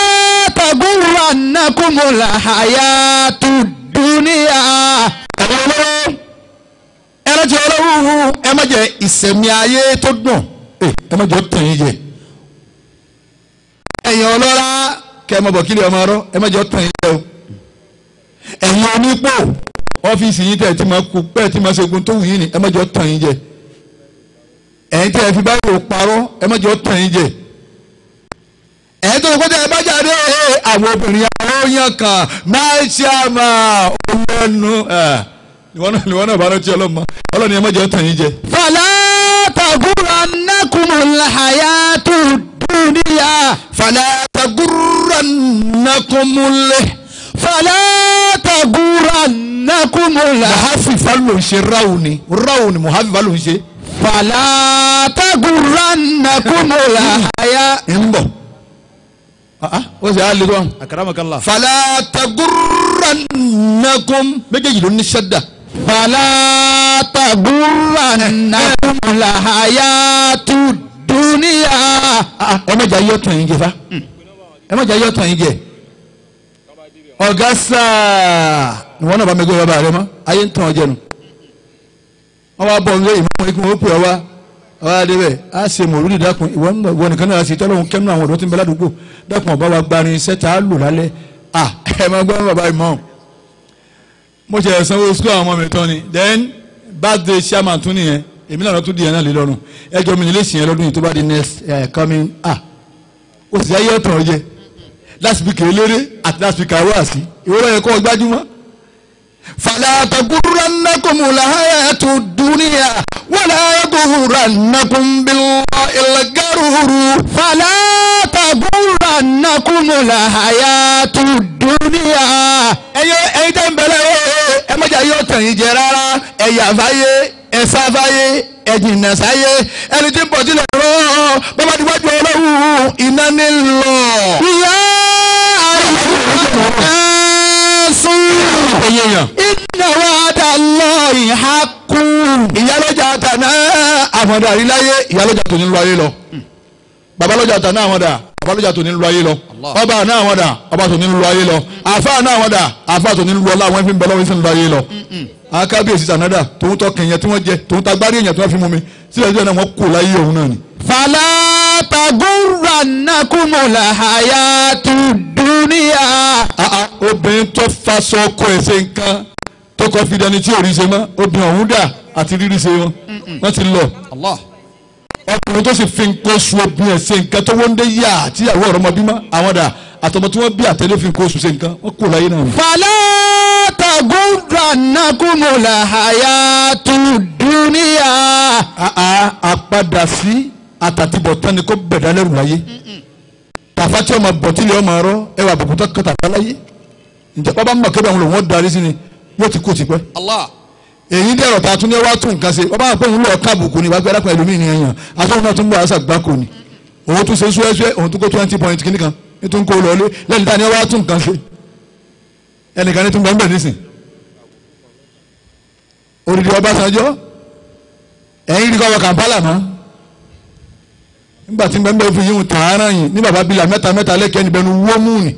Speaker 1: tagurrannakumul hayatud dunya. ẹ̀rọ lọ́wọ́ ẹ̀rọ tí ọlọ́wọ́ ẹ má jẹ ìsẹ̀mí ayé tó dùn ẹ má jẹ ó tàn yín jẹ. ẹ̀yin ọlọ́ra kẹ́ ẹ má bọ̀ kílẹ̀ ọmọ ọ̀rọ̀ ẹ má jẹ ó tàn jẹ o. ẹ̀yin onípò ọ́fíìsì yín tẹ̀ ẹ̀ tí máa kú pẹ́ẹ́ tí máa ṣègùn tó wù yín ni ẹ má jẹ ó tàn jẹ. ẹ̀yin tẹ̀ ẹ fi báyìí ò parọ́ ẹ má jẹ ó tàn jẹ ẹ̀yin tó ń kọ́tẹ́ ẹ bá jáde àwọn obìnrin aróyàn kan máa ń ṣe àmà owó ẹnu ìwọ náà bá rántí ọlọ́mọ ọlọ́ni ẹ má ọ̀tàn yín jẹ. fàlà tàgùrà nàkùnmù làyà tó dúníyà fàlà tàgùrà nàkùnmù lẹ fàlà tàgùrà nàkùnmù lẹ. muhafifa ló ń ṣe ráwù ni ráwù ni ń ṣe. fàlà tàgùrà nàkùnmù làyà. ń bọ̀ ó ah, ah, sì á lè tó wọn. akaramakallah. fala tagurrannakum méjèèjì ló ní ṣẹ́dá. fala tagurrannakum lahayatu duniya. Ah, ẹ má jẹ́ ayé ọ̀tún yín jẹ fa ẹ má jẹ́ ayé ọ̀tún yín jẹ. ọ̀gá sáà ìwọ náà bá mi gbé bàbá rẹ mọ́ ayé ń tàn ọ́ jẹnu. wọ́n wá bọ̀ ń lé ìmọ̀ ìgbìmọ̀ ó pè ọ́ wá ọ̀rọ̀ adébẹ̀ á ṣe mọ̀lúdì dákun ìwọ nìkan náà ṣe tọ́lọ́hún kẹ́mú àwọn ọ̀dọ́ tí ń bẹ ládùúgbò dákun ọba wa gbarin iṣẹ́ tá a lò lálẹ́ à ẹ máa gbọ́ bàbá ìmọ̀ mo ṣe sanwó sukú àwọn ọmọ mi tán ni then birthday chairman tún nìyẹn èmi náà tún di yẹn náà lé lọ́rùn ẹjọ́ mi nílé ìsìn lọ́dún yìí tó bá di next coming ah ó sì yá yẹ́ ọ̀tàn فلا تغرنكم الحياة الدنيا ولا يغرنكم بالله الغرور فلا تغرنكم الحياة الدنيا ẹyọ ẹyin tẹ́ ń bẹ̀rẹ̀ o ẹ má jà yóò tẹ̀yìn jẹ rárá ẹ̀yà fáyé ẹ̀sá fáyé ẹ̀jìnà sáyé ẹni tí ń bọ̀ sílẹ̀ rọ́ bàbá tí wájú ọlọ́run iná ní lọ. ìyá àwọn ọmọ náà jésù. ẹyẹ yàn. iná wa dà lọ ìhà kú. ìyálọ́jà àtàná àmọ̀dà àríláyé ìyálọ́jà tó ní lu ayé lọ. babalọ́jà àtàná àmọ̀dà babalọ́jà tó ní lu ayé lọ. ọba àná àmọ̀dà ọba tó ní lu ayé lọ. àfa àná àmọ̀dà àfa tó ní lu ọlá àwọn ẹ̀fín bẹ́ẹ̀ lọ́wọ́ ẹ̀fín lu ayé lọ. akábíyèsí sànádà tòun tọ kẹ̀yẹ tí wọ́n jẹ tòun ta gbárí èèyàn tí wọ́n fi mú mi síbẹ̀síbẹ̀ náà dúníà obìnrin tó faṣọ ọkọ ẹ̀ ṣe nǹkan tó kọ́ fi dání tí ò rí obìnrin ọ̀hún dà àti rírí ṣe wọn wọ́n ti lọ ọkùnrin tó sì fi nǹkan oṣù obìnrin ẹ̀ ṣe nǹkan tó wọ́n dé yá àti ìyàwó ọ̀rọ̀ ọmọ bímọ àwọn dà àtọmọ tí wọ́n bí àtẹlẹ́ fi nǹkan oṣù ṣe nǹkan wọ́n kò láyé náà. fàlẹ́ tàgùnrànàkùnmọ̀lá àyàtú dúníà. àpàdà ah, ah, sí àtàtìbọ̀tán ni kò bẹ̀dá lẹ́rù láyé. Mm -mm tàfà tí ọmọ bọ̀ tí ilé ọmọ rọ ẹ wà bùkútà kan tàfà láyé ǹjẹ́ bàbá mọ̀ kébẹ̀ òun lòun ó darí sí ni wọ́n ti kó tipẹ́. èyí dẹ̀rọ̀ ta tún ní wá tún nǹkan ṣe bàbá àpò òun lọ káàbùkù ni wàá gbẹ́dá kan ẹlòmíì ní ẹ̀yàn àtọ́wọ́n náà tún bọ̀ àṣà gbáko ni òun tún ṣe súwẹ́súwẹ́ òun tún kó twenty point kìíní kan ní tún kó lọ lẹ́yìn tá ni wàá tún nǹkan ṣe ẹnìkan ní tún bọ̀ ń bẹ̀ nísìn òdìdí Ọbásanjọ́ ẹ̀yìn rí kọ́ wọ Kampala náà nígbà tí bẹ́ẹ̀ bẹ́ẹ̀ fi yíhun tààrà yìí ní bàbá bílà mẹ́ta mẹ́ta lẹ́kẹ́ níbẹ̀ ní wọ́mù ni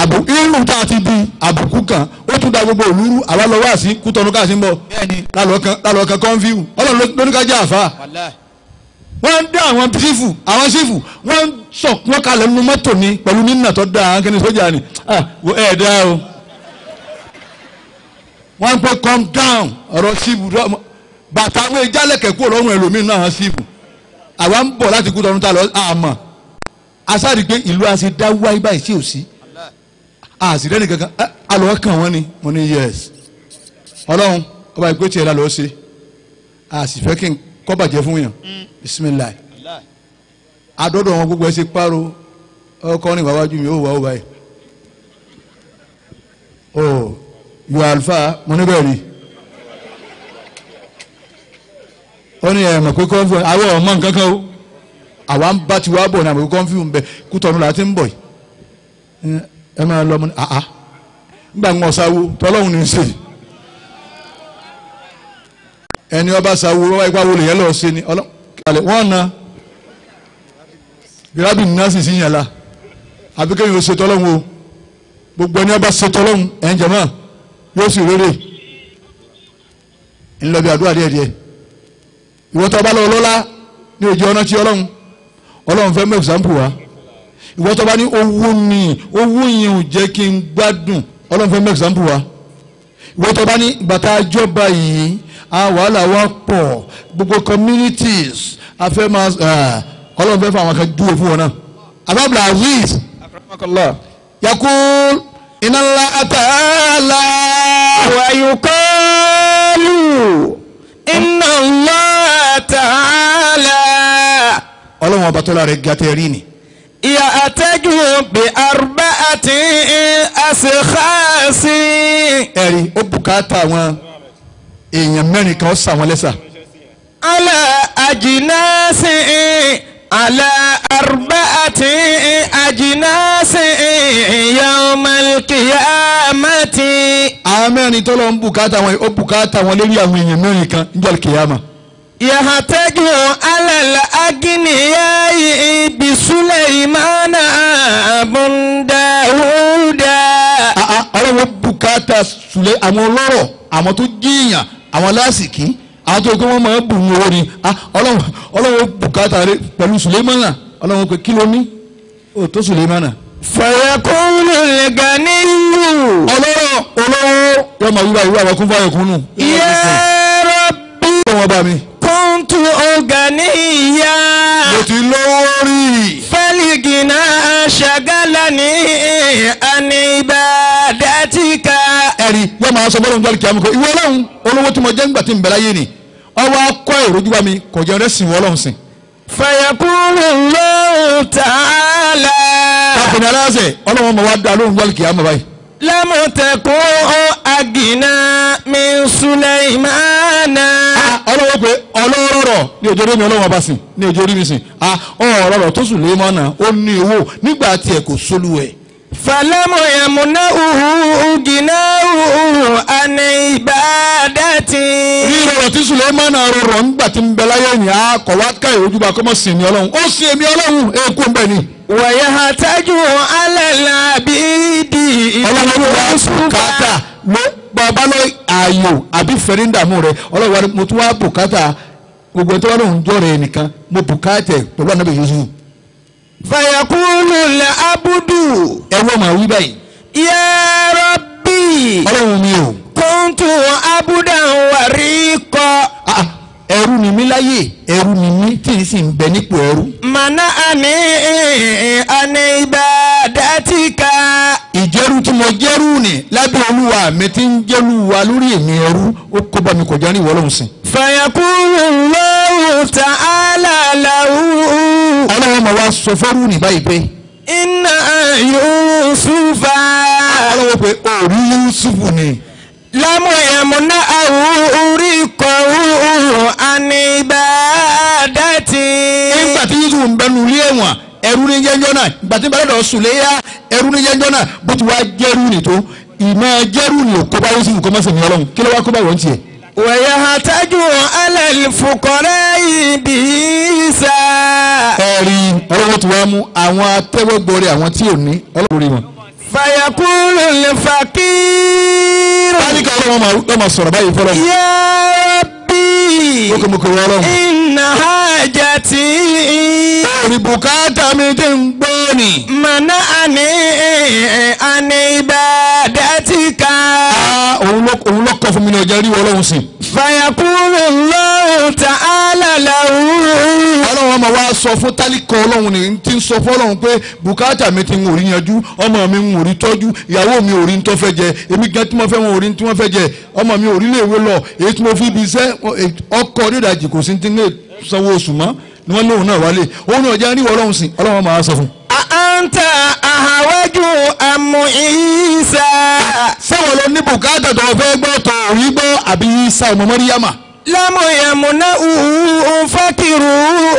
Speaker 1: àbù irun tá a ti di àbùkù kan ó tún da gbogbo òlúrú àwa lọ wá sí kútọ́nu káàsì ń bọ̀ lálọ́ kan kọ́ńfíù ọlọ́run ló ní ká jẹ́ àfa wọ́n ń dá àwọn sífù àwọn sífù wọ́n ń sọ̀kún kalẹ̀ nínú mọ́tò ni pẹ̀lú nínà tó da àwọn sójà ni ah, ẹ̀ dá o wọ́n pẹ́ calm down ọ̀rọ̀ sífù bàtà àwọn ìjálẹ̀kẹ̀ kúrò lọ́rùn ẹlòmíràn náà sífù àwa ń bọ̀ láti kú tọdún tá a lọ àmọ́ asáàdì pé ìlú àti dáwúwá ibà ìṣe òsì àṣìrẹ́nì kankan alọ́ kàn wọ́n ni mo ní yes ọlọ́run ọba ìgbé tiẹ̀ lálọ́ ṣe àṣìfẹ́ kí n kọ́ bàjẹ́ fún yàn bisimilayi adọ́dọ̀ wọn gbogbo ẹ ṣe páro ọkọrin wàwájú mi ó wà ó báyìí o yọ àlùfáà mo ní bẹ́ẹ̀ ni. ó ní ẹ̀mọ̀ pé kọ́ńfù àwọn ọmọ nǹkan kan o àwa ń bá tiwa bọ̀ ní àmọ̀ pé kọ́ńfù ń bẹ kútọ̀nù láti ń bọ̀ yìí ẹ máa lọ ọmọ ní àá nígbà ń ọ̀sáwó tọ́lọ́hún ní í ṣe ẹni ọba sáwó ọba ipá wo ṣe ni ọlọ́kàlẹ̀ wọ́n na bírábì nọ́ọ̀sì sí yàn la àbí kéwìn ó ṣe tọ́lọ́hún o gbogbo ẹni ọba ṣe tọ́lọ́hún ẹ̀ ń jẹ̀ mọ́ yóò sì rere ńlọ àdúrà ìwọ tó bá lọ lọ́lá ní ojú ọ̀nà tí ọlọ́run ọlọ́run fẹ́ mú ẹ̀sánpù wa ìwọ tó bá ní owó ni owó yẹn ò jẹ́ kí n gbádùn ọlọ́run fẹ́ mú ẹ̀sánpù wa ìwọ tó bá ní bàtà àjọba yìí a wàhálà wa pọ̀ gbogbo communities a fẹ́ máa ọlọ́run fẹ́ fún àwọn kan dúró fún wọn náà abdul aziz yakul iná ńlá àtàlà wàyùkọ́lù inna Allah ta'ala. ọlọ́run ọba tó lára ẹ̀ gàtẹ́ rí ni. ìyá àtẹ́jú bí arúgbó àti àṣekáàsì. ẹ̀rí ó bùkátà wọn èèyàn mẹ́rin kan ó sà lẹ́sà. ala àjìnà sí i ala arba'ati ajinasi yawmal qiyamati. àwọn mẹ́rin tó lọ ń bùkátà wọn ó bùkátà wọn lórí àwọn èèyàn mẹ́rin kan níjọ́ kìyàmà. يهتجه على الأغنياء بسليمان بن داود ọlọ́wọ́ bùkátà sùlẹ̀ àwọn ọlọ́rọ̀ àwọn tó jíyàn àwọn lásìkí àwọn tó kọ́ wọ́n máa ń bù ní owó ni rẹ pẹ̀lú sùlẹ̀mánà ọlọ́run pé kí ló ní o Sùlẹ́mánà. fẹ̀yẹ̀kúnlù lè ga nílù. ọlọ́rọ̀ olówó yóò máa wíwá ìwé àwọn kúnfà ẹ̀kún nù. yẹ́rọ bí kóńtù ọ̀gá ní ìyá. mo ti lówó rí. fẹ́lígì náà ṣàgálà ní àníbà dátìkà. ẹ̀rí yóò máa sọ bọ́lá ń gbọ́dọ̀ kí a mú kó ìwé ọlọ́run olówó tí mo jẹ́ ń tí ń bẹ̀rẹ̀ ayé ni ọwọ́ akọ́ fàyàkúrò lóhùn tààlà. káfíńdà aláṣẹ ọlọ́wọ́n ma wá dá lóhùn wọ́lì kìá mọ̀ báyìí. lámọ̀tẹ̀kọ́ ó àgìnà mi sùlẹ̀mánà. ọlọ́wọ́ pé ọlọ́rọ̀rọ̀ ní òjò rí mi ọlọ́wọ́ bá sìn ní òjò rí mi sìn ọ̀rọ̀rọ̀ tó sùn lé mọ́nà ó ní owó nígbà tí ẹ̀ kò sólú ẹ̀. Falamu يمنعه جناه عن عبادتي. ríro ọ̀rọ̀ tí Suleiman arọ̀rọ̀ ńgbà tí ń bẹ láyé ẹ̀yìn á kọ̀ wá sí ọlọ́run ó sì èmi ọlọ́run èkó ń ni. wọ̀yẹ̀ àtẹ́jú alẹ́lá bídì ìfowópamọ́sùkà. bàbá lọ ààyò àbí rẹ ni mo tún wá bùkátà gbogbo ẹ̀ tó nìkan mo bùkátà pẹ̀lú fàyàkúlù lẹ abudu. ẹ wọ́n máa wí báyìí. yẹ rọ́bì. ọlọ́run mi o. kóńtù abudan wàrí kọ. Ah, ẹrú ni mí láyè ẹrú ni mí tí n sì ń bẹ nípò ẹrú. màná àmì àní ìbàdàtìkà. ìjẹ́rú tí mo jẹ́rú ni lábẹ́ olúwa mi ti ń jẹ́rú wa lórí èmi ẹrú ó kó bá mi kọjá ní ìwọ́lọ́hùn sìn. fàyàkúlù lọ ta'ala lahu. ọlọ́run ma wá sọ fọ́rú ní báyìí pé. inna Yusufa. ọlọ́run pé òru Yusufu ni. lámú yamuna àwòrán kọ́ àníbà dátì. nígbà tí Yusufu ń bẹnu ilé ẹ̀wọ̀n ẹrú ní jẹ́jọ́ náà gbàtí bàrẹ̀ dọ̀ sùlẹ́yà ẹrú ní jẹ́jọ́ náà bó ti wá jẹ́rú nìtó ìmọ̀ jẹ́rú ni ò kó bá Yusufu kọ́ mọ́sẹ̀ ní ọlọ́run kí ló wá kó bá wọ́n tiẹ̀ wẹ̀yàhátájú alẹ́lifukọ́rẹ́ ibi ìsà. ẹ̀rí ọlọ́wọ́ tí wọ́n mú àwọn atẹ́wọ́gbọ́rẹ́ àwọn tí ò ní ọlọ́wọ́rẹ́ wọn. fàyàkúrò lè fà kí. báyìíká ọlọ́wọ́ máa lọ́ máa sọ̀rọ̀ báyìí fọlọ́. yá bí. mokomoko wọ́n lọ́wọ́. iná hajà tí. ẹ̀rí bùkátà mi ti ń gbọ́ ni. màná òun ló kọ fún mi ní ọjà ríwọ ọlọ́run sí. fàyàkúrò lọ́rùn tá a lálẹ́ òun. ọlọ́run ọmọ wa sọ fún tálíkọ ọlọ́run ni ti ń sọ fọlọ́run pé bùkátà mi ti ń orí yanjú ọmọ mi ń orí tọ́jú ìyàwó mi orí tó fẹ́ jẹ èmi gan tí mo fẹ́ wọn orí tí wọ́n fẹ́ jẹ ọmọ mi orí lè wé lọ èyí tí mo fi ibi iṣẹ́ ọkọ̀ nídàjì kò sí ti ń lè sanwó oṣù mọ́ ni wọ́n lóun náà wálé òun àǹtà àhàwájú àmú ìsà. sẹ́wọ̀n ló ní bùkátà tó fẹ́ gbọ́ tó rí gbọ́ àbí ìsà ọmọ mọ́ríyàmà. lámù yàmùnà ùhù fàkìrù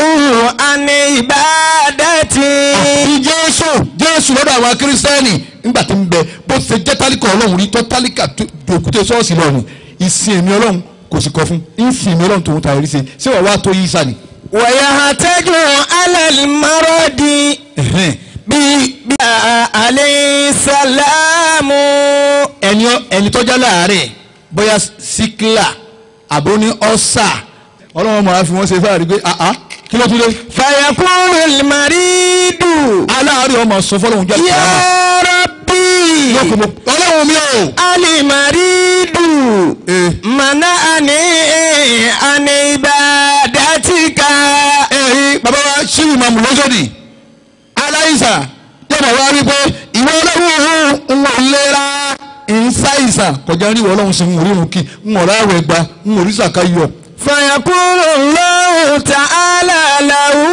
Speaker 1: ùhù àní ìbádàtì. àti jésù jésù lọ́dọ̀ àwọn kírísítẹ́nì nígbà tí ń bẹ bó ṣe jẹ́ tálíkà ọlọ́run rí tó tálíkà dòkúté ṣọ́ọ̀ṣì lọ́run ìsìn èmi ọlọ́run kò sì kọ fún ìsìn èmi ọlọ́run tòun tàwọn rí ṣe ṣé wàá wá tó yí sani. wọ̀yà àtẹ́gùn alẹ́ mọ́rọ́dì bí bí alẹ́ sálámù ẹni ẹni tọ́jà láàárẹ̀ bóyá síkìlà àbóní ọ̀sà ọlọ́run màá fi wọ́n ṣe fáàrí pé àá ah, ah, kí ló tún dé. fàyàkùn màrídù. aláàárẹ̀ ọmọ sọ fọlọ́run jẹ́ àkàrà. yàrá bí. ọlọ́run mi ò. alẹ́ màrídù. màná àní àní ìbàdàtìkà. ẹ̀rí bàbá wa ṣì ń mọ̀ mú lọ́jọ́ nìí ṣàìsàn yọ̀bọ̀ wá wípé ìwọ ọlọ́run ń wọ̀ lera ń ṣàìsàn kọjá rí ìwọ ọlọ́run ṣe ń wò rírun kí ń wọ̀ ráwẹ̀ gba ń wò rí sàkáyọ̀. fàyàkúrò lọ́hùn tá a làlà wù.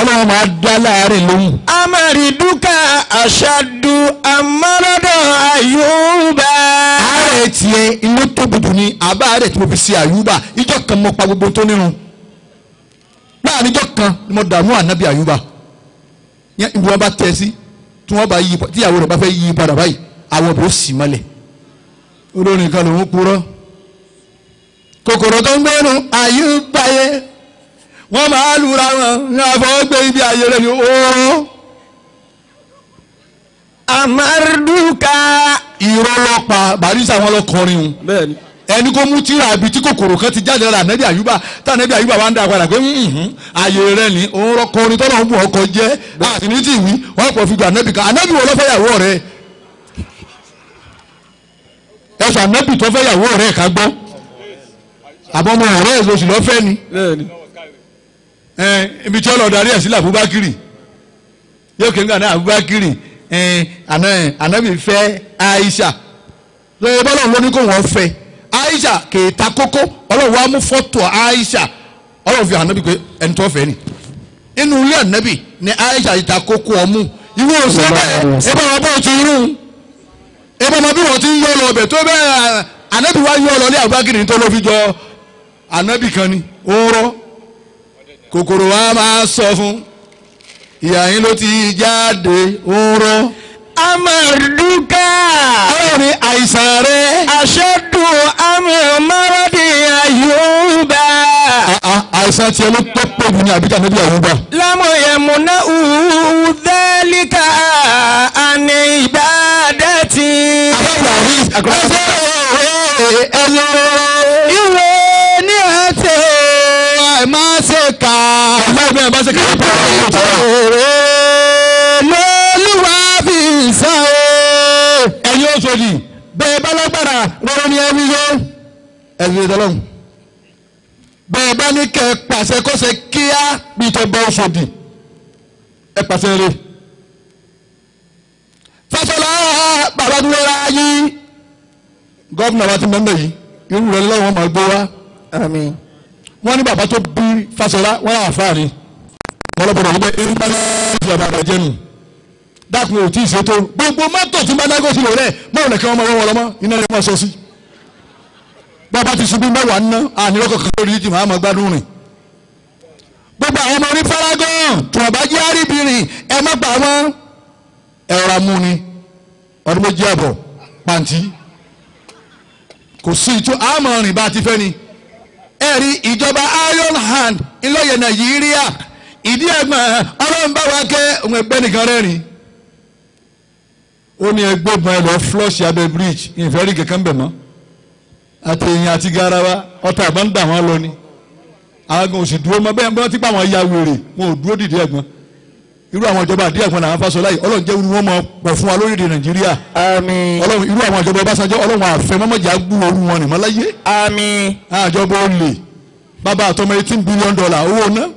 Speaker 1: ọlọ́run máa dá láàárín lóhùn. amari dúkà aṣáájú amárádọ̀ àyùbá. ààrẹ tiẹ̀ inú tó gbùdù ni àbá ààrẹ tí mo fi ṣe àyùbá ìjọ kan mo pa gbogbo tó nírun láàrin ìjọ kan ni mo dààmú ànábì àyùbá ibi wọn bá tẹ sí tí wọn bá yí tí ìyàwó rẹ bá fẹ́ yí padà báyìí àwọn bò sì mọ́lẹ̀ olórin kan lòún purọ́ kòkòrò tó ń gbẹ́nu ayé ń báyé wọ́n máa lura wọn ní àfọwọ́gbé ibi ayé rẹ ni ó. amaduka ìrọlọpa barisa wọn lọ kọrin o. bẹ́ẹ̀ni ẹni kó mú tíra ibi tí kòkòrò kan ti jáde lára ànábì àyùbá tá ànábì àyùbá wa ń dá padà pé ààyè rẹ ni òun rọkọ orin tọ́lọ̀ ń bù ọkọ jẹ́ àti ní tìwí wọ́n pọ̀ fi gbà ànábì kan ànábì wọ́n lọ́fẹ́ yàwó rẹ̀ ẹ̀sùn ànábì tó fẹ́ yàwó rẹ̀ ká gbọ́ àbọ̀mọ ọ̀rẹ́ ẹ̀ lóṣù lọ́fẹ́ ni ibi tí ọlọ́dọ̀ adé ẹ̀sìn làbúbákiri yóò kí n gbà náà àbúbákiri ànábì fẹ́ Aisha lọ́yẹ̀ bọ́lá òun ló wọ́n fẹ́ Aisha kèé ta kókó ọlọ́run wa Aisha ọlọ́run fi hàn nábì pé ẹni tó fẹ́ ni inú ilé ànábì ni Aisha yìí ta kókó ọmú ìwé òsè bẹ́ẹ̀ ẹ bá wọn bọ́ ọ ti rún ẹ bá wọn bí wọn ti ń yọ lọ ọbẹ̀ tó bẹ́ẹ̀ ànábì wa yọ lọ ní àgbákìrì tó ló fi jọ ànábì kan ni ó rọ kòkòrò wa máa sọ fún ìyá ló ti jáde ó rọ amọ̀dúkà. ọlọ́run ni àìsàn rẹ. aṣọ́dù àmì mọ́rọ́dì àyùbá. àìsàn tiẹ̀ ló tó pẹ̀lú ní àbíkà níbi àyùbá. lámọ̀ yẹn mú ná òwú dẹ́líkà àní ìbádẹ́tì. àbáwọ̀ àrí àgbàdo. ẹni ìwé ní ọ̀tẹ̀ máa ṣe kà. àbáwọ̀ bí a bá ṣe kà. everybody bẹ́ẹ̀ bá lágbára rọrùn ni ẹ wí yó ẹ fi tọ́lọ́hùn bẹ́ẹ̀ bá ní kẹ́ ẹ pàṣẹ kọ́sẹ̀ kíá bí tó bá oṣù dì ẹ pàṣẹ rẹ. fásọlá bàbá dúró ra yí gómìnà wa ti mẹ́mbẹ́ yìí irú rẹ lọ́wọ́ máa gbó wá wọ́n ní bàbá tó bí fásọlá wọ́n á fà ní wọ́n lọ́bọ̀dọ̀ wípé irú bá ní ìjọba rẹ̀ jẹ́nu dákun ò tí ì ṣètò gbogbo mọ́tò tí bá dágò sí lò rẹ̀ bóun lẹ̀kẹ́ ọmọ wọn lọ́mọ iná lè máa sọ sí. bàbá ti ṣubú mẹ́wàá ná ànírọ́kọ̀ kan lórí jìmọ̀ àmọ́ gbádùn rìn. gbogbo àwọn ọmọ onífaragan tùwọ̀n bá jẹ́ àríbìnrin ẹ má gbà wọ́n ẹ̀rọ amúni ọdún méjì àbọ̀ pàǹtí kò sí ìtú àmọ́ rìn bá ti fẹ́ ni ẹ̀rí ìjọba iron hand ńlọ́yẹ̀ nàìjíríà ìdí ẹ̀gbọ́n ọlọ́run bá wa kẹ́ ọmọ ẹgbẹ́ nìkan rẹ́rìn-ín ó ní ẹgbẹ́ bọ́n ẹ lọ flush abẹ́ bridge ìfẹ́ rí kankan bẹ̀ mọ́ àti èyàn àti garawa ọta àbá ń dà wọ́n lọ ni àwọn òsì dúró mọ́ bẹ́ẹ̀ bọ́n ti pa àwọn ya wèrè wọn ò dúró dìde ẹ̀gbọ́n irú àwọn ìjọba àdìyà kan làwọn afásọ láyé ọlọ́run jẹ́ irú wọn máa pọ̀ fún wa lórílẹ̀ nàìjíríà àmín ọlọ́run irú àwọn ìjọba ọbásanjọ́ ọlọ́run àfẹ mọ́mọ́jà gbú orú wọn nìmọ́ láyé àmín àjọba olè bàbá àtọmọ eighteen billion dollar owó náà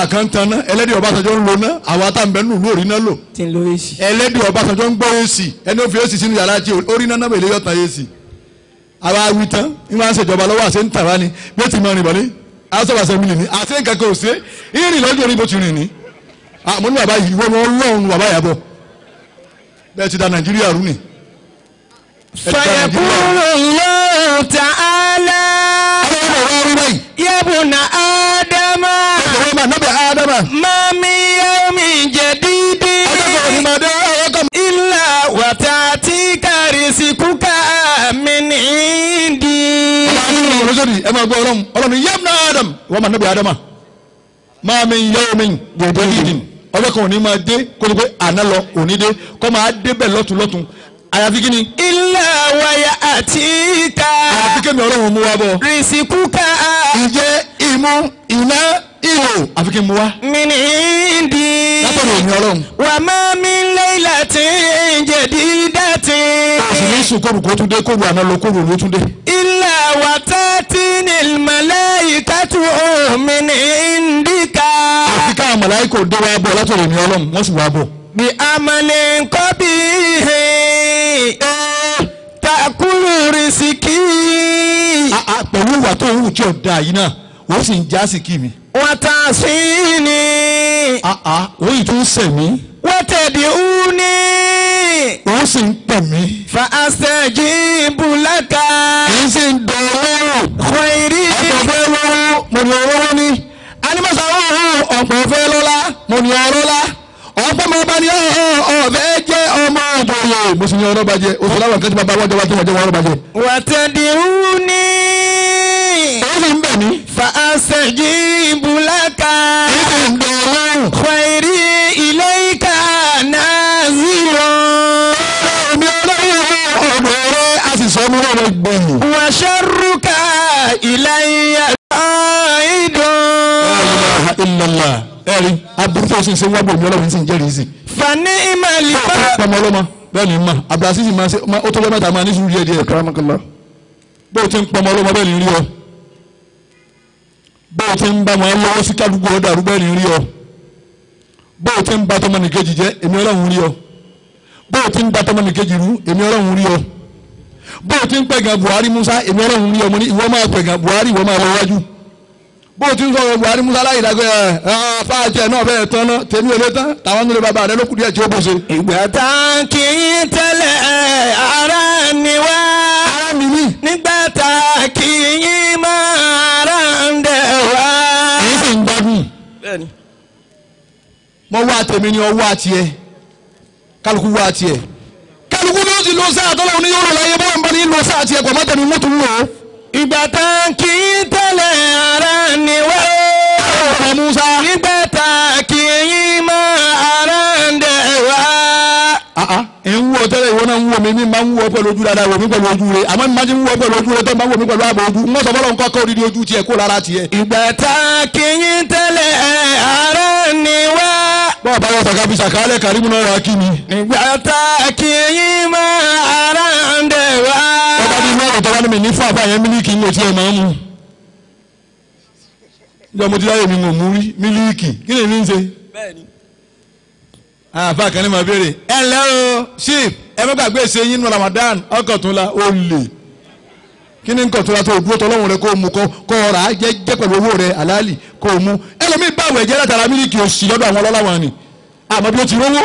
Speaker 1: àkàntàná ẹlẹ́dìí ọbásanjọ́ ń lo ná àwọn atàmbẹ́nu ìlú òrìná lò ẹlẹ́dìí ọbásanjọ́ ń gbọ́ èsì ẹni ó fi èsì sínú yàrá tí òrìná náà èlé yọ̀tàn èsì àwa awi tán ní wọn á ṣèjọba lọ́wọ́ àṣẹ ń tàwa ni bí ó ti máa rìn bọ̀ ní mi lè àṣẹ nǹkan kan ò ṣe ìrìn lọ́jọ́ orí bó ti rìn ní àmọ́ ní bàbá yìí wọ́n lọ́run bàbá yàbọ̀ bẹ́ẹ̀ ti ìfowópamọ́ níbi ádámà. mami yomi jadidi. ọjọ́ kò ní ma dé ọwọ́ kọ́. ilà wàtá tí kárí sí kúkà mi ní ìdí. ọlọ́run ọlọ́run lọ́sọ̀dì ẹ máa gbọ́ ọlọ́run ọlọ́run yẹ́mú náà ádámà wọ́n máa níbi ádámà. mami yomi jadidi. ọjọ́ kò ní ma dé kó àná lọ òní dé kó máa dé bẹ́ẹ̀ lọ́tún lọ́tún àyàfi kí ni. ilé wáyà àti ìka. àyàfi kí ni ọlọ́run mú wa bọ̀. rìsíkúkà. ìjẹ ìmú iná ìlò àfi kí n mú wa. mi ní ìdí. látọ̀dọ̀ ìyẹn ọlọ́run. wà á máa mi lẹ́yìnlá tí ń jẹ dídá tí. àti ní sùn kóòrù kó tún dé kóòrù àná lọ kóòrù ló tún dé. ilé wà tá tí ní ìmọ̀lẹ́ ìkàtú mi ní ìdíkà. àfi káwọn màláìkò dé wa bọ̀ látọ̀dọ̀ ìyẹn ọlọ́run wọ́n sì wá bọ̀. bí amọ̀lẹ̀ ń kọ́ bí takuru risiki. pẹ̀lú ìwà tó ń wù tí ò yìí náà wọ́n sì ń já síkì mi. wọ́n ta sí ni. wọ́n yìí tó ń sẹ̀ mí. wọ́n tẹ̀dí ú ní. wọ́n sì ń pè mí. fa asẹ́jì bùlákà. kì í sì ń dán lọ́rùn. wọ́n rí. ọ̀pọ̀ fẹ́ lọ́wọ́ mo ní ọ̀rọ̀ ní. animọ̀sán ọ̀hún ọ̀pọ̀ fẹ́ lọ́la mo ní ọ̀rọ̀ la ọgbọ́n ọba ni ọ̀fẹ́ jẹ́ ọmọ ìbòyè mùsùlùmí ọ̀rọ̀ bàjẹ́ oṣù láwọn kan bàbá wọn jẹ wọn jẹ wọn ọ̀rọ̀ bàjẹ́. wàtẹ́dì wú ni. èyí sì ń bẹ̀ mí. fàásẹ̀jì ìbúlákà. èyí sì ń ilé ìka náà zero. èmi ọlọ́run ọ̀dọ̀ rẹ a sì sọ ọmọ rẹ gbẹ̀yìn. wàṣẹ rúkà ìlàyà ìdùn. illallah ẹ̀rí aburú tó ṣe ń ṣe wọ́n bò ní ọlọ́run sì ń jẹ́rìí sí. fani imali bá. pọmọ ọlọmọ bẹ́ẹ̀ ni ma abdulasi sì máa ṣe ó tó bẹ mẹ́ta máa ní sùúrù díẹ̀ díẹ̀. kàrámàkàlá. bó o ti ń pọmọ ọlọmọ bẹ́ẹ̀ ni rí ọ bó o ti ń bá wọn lọ́wọ́ sí kádùgbò ọ̀dà àrùbẹ́ ni rí ọ bó o ti ń bá tọmọ nìkejì jẹ èmi ọlọ́run rí ọ bó o ti ń bá tọmọ nìkejì rú èmi ọlọ́run rí ọ bó o ti ń pẹ̀gàn Buhari Musa èmi ọlọ́run rí ọ mo ní ìwọ máa pẹ̀gàn Buhari ìwọ máa lọ wájú bó o ti ń sọ̀rọ̀ Buhari Musa láyé dàgbẹ́ ẹ̀ fàájẹ náà bẹ́ẹ̀ tán náà tèmi ò lè tán táwọn nílé bàbá rẹ ló tí ó bó ṣe. ìgbà tá kì í tẹ́lẹ̀ ara ni wá. nígbà tá kì í máa ara ń dẹ̀ wá. èyí sì ń gbádùn. bẹ́ẹ̀ni. mo wá tèmi ni ọwọ́ àti ẹ kálukú wá àti ẹ kálukú ló ti lọ sáà tọ́lá òní yóò rọ̀ láyé bọ́ọ̀ ìgbà tá a kì í tẹ̀lé ara ni wá. ọ̀rọ̀ Musa. nígbà tá a kì í mọ ara ń dẹ̀ wá. Ah, ah. ẹ̀ ń wọ tẹ́lẹ̀ ìwọ náà ń wọ mi mi máa ń wọ pẹ̀lú ojú dáadáa wọ mi pẹ̀lú ojú rẹ àmọ́ mi máa ti ń wọ pẹ̀lú ojú rẹ tó máa ń wọ mi pẹ̀lú ààbò ojú ń wọ́n sọ fọlọ́ kọ́ òdìdí ojú tiẹ̀ kó lára tiẹ̀. ìgbà tá a kì í tẹ̀lé ara ni wá. bọ́ọ̀ bá wọ sàkàbí tọ́wá ní mi ní fún àbáyẹn mílíkì ní òtí ẹ̀ máa ń mu nígbà mo ti dáyé mi mò mú rí mílíìkì kí lèmi ń ṣe. Ah, àfa kan ní ma béèrè ẹ ǹlẹ́ o chief ẹ bá gbàgbé ṣe yín ní Ramadan ọkọ̀túnla ó lè kí ni nkọ̀túnla tó dúró tọ́lọ́hún rẹ kó mu kọ́ kọ́ ọ̀rà jẹ́ pẹ̀lú owó rẹ àlàálì kó mu ẹlòmíì báwo ẹ̀jẹ̀ látara mílíìkì òsì lọ́dọ̀ àwọn ọlọ́láwọn ni àmọ́ bí ó ti rówó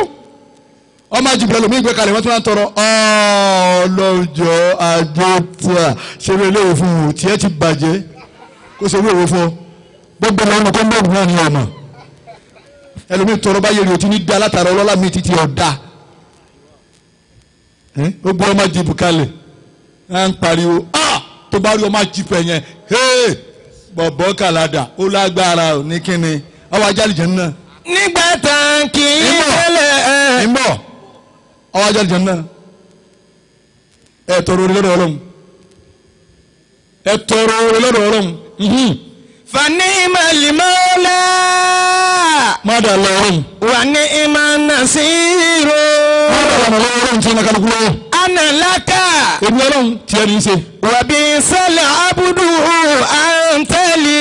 Speaker 1: ọmọ jùbẹ́ lómi ìgbé kalẹ̀ wọ́n tún wá ń tọrọ ọlọ́jọ́ adótà ṣeré eléwo fún wò tiẹ́ ti bàjẹ́ kó ṣeré èwo fún ọ gbogbo ẹ̀rọ ọmọ kọ́ńbọ̀n náà ni ọmọ ẹlòmí tọrọ bá yẹri òtí ní da látara ọlọ́lá mi títí ọ̀dà ó gbọ́ ọmọ jìbù kalẹ̀ ẹ̀ ń pariwo tó bá rí ọmọ jìbù ẹ̀ yẹn bọ̀bọ̀ kàlàdà ó lágbára ní kíni ọwọ́ ajá náà. nígbà tán kì í tẹ́lẹ̀ ẹ̀. ń bọ̀ ọwọ́ ajá àlìjẹ́ náà ẹ tọrọ orí lọ́dọ̀ ọlọ́run ẹ tọrọ lọ́dọ̀ ọlọ́run. Mhm. fani malimola. mọ́dà lọ́rùn. wà ní ìmọ̀ nàṣírò. mọ́dà lọ́rùn tí wọ́n kálukú lọ́wọ́. ana laka. èmi ọlọ́run tiẹ̀ ní í ṣe. wàbí sálẹ̀ abudu àǹtẹ̀lì.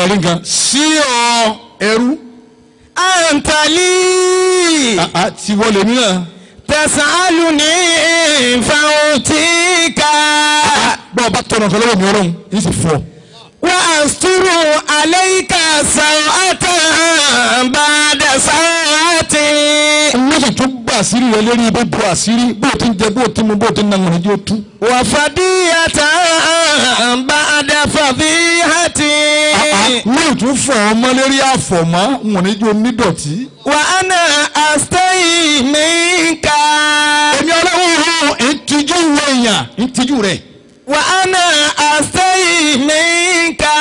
Speaker 1: ẹ̀rí nǹkan sí ọ ẹrú. àǹtẹ̀lì. àti ah, ah, wọlé mi tasaluni fautika. bọ́ọ̀ bá tọrọ nǹkan lọ́wọ́ mi ọlọ́run yìí sì fọ́. wà á sùúrù alayka sawatan ba'da sawati. wọ́n sì tún gbọ́ àṣírí rẹ lórí ibi bu àṣírí bó o ti ń jẹ bó o ti mu bó o ti ń nà wọn ni yóò tú. wa fadiyatan ba'da fadiyatan ń fọ ọmọ lérí àfọ̀mọ́ n ò ní jó nídọ̀tí. wà á nà àṣẹyìn mi ká. èmi ọlọ́run ìtìjú wo èèyàn ìtìjú rẹ̀. wà á nà àṣẹyìn mi ká.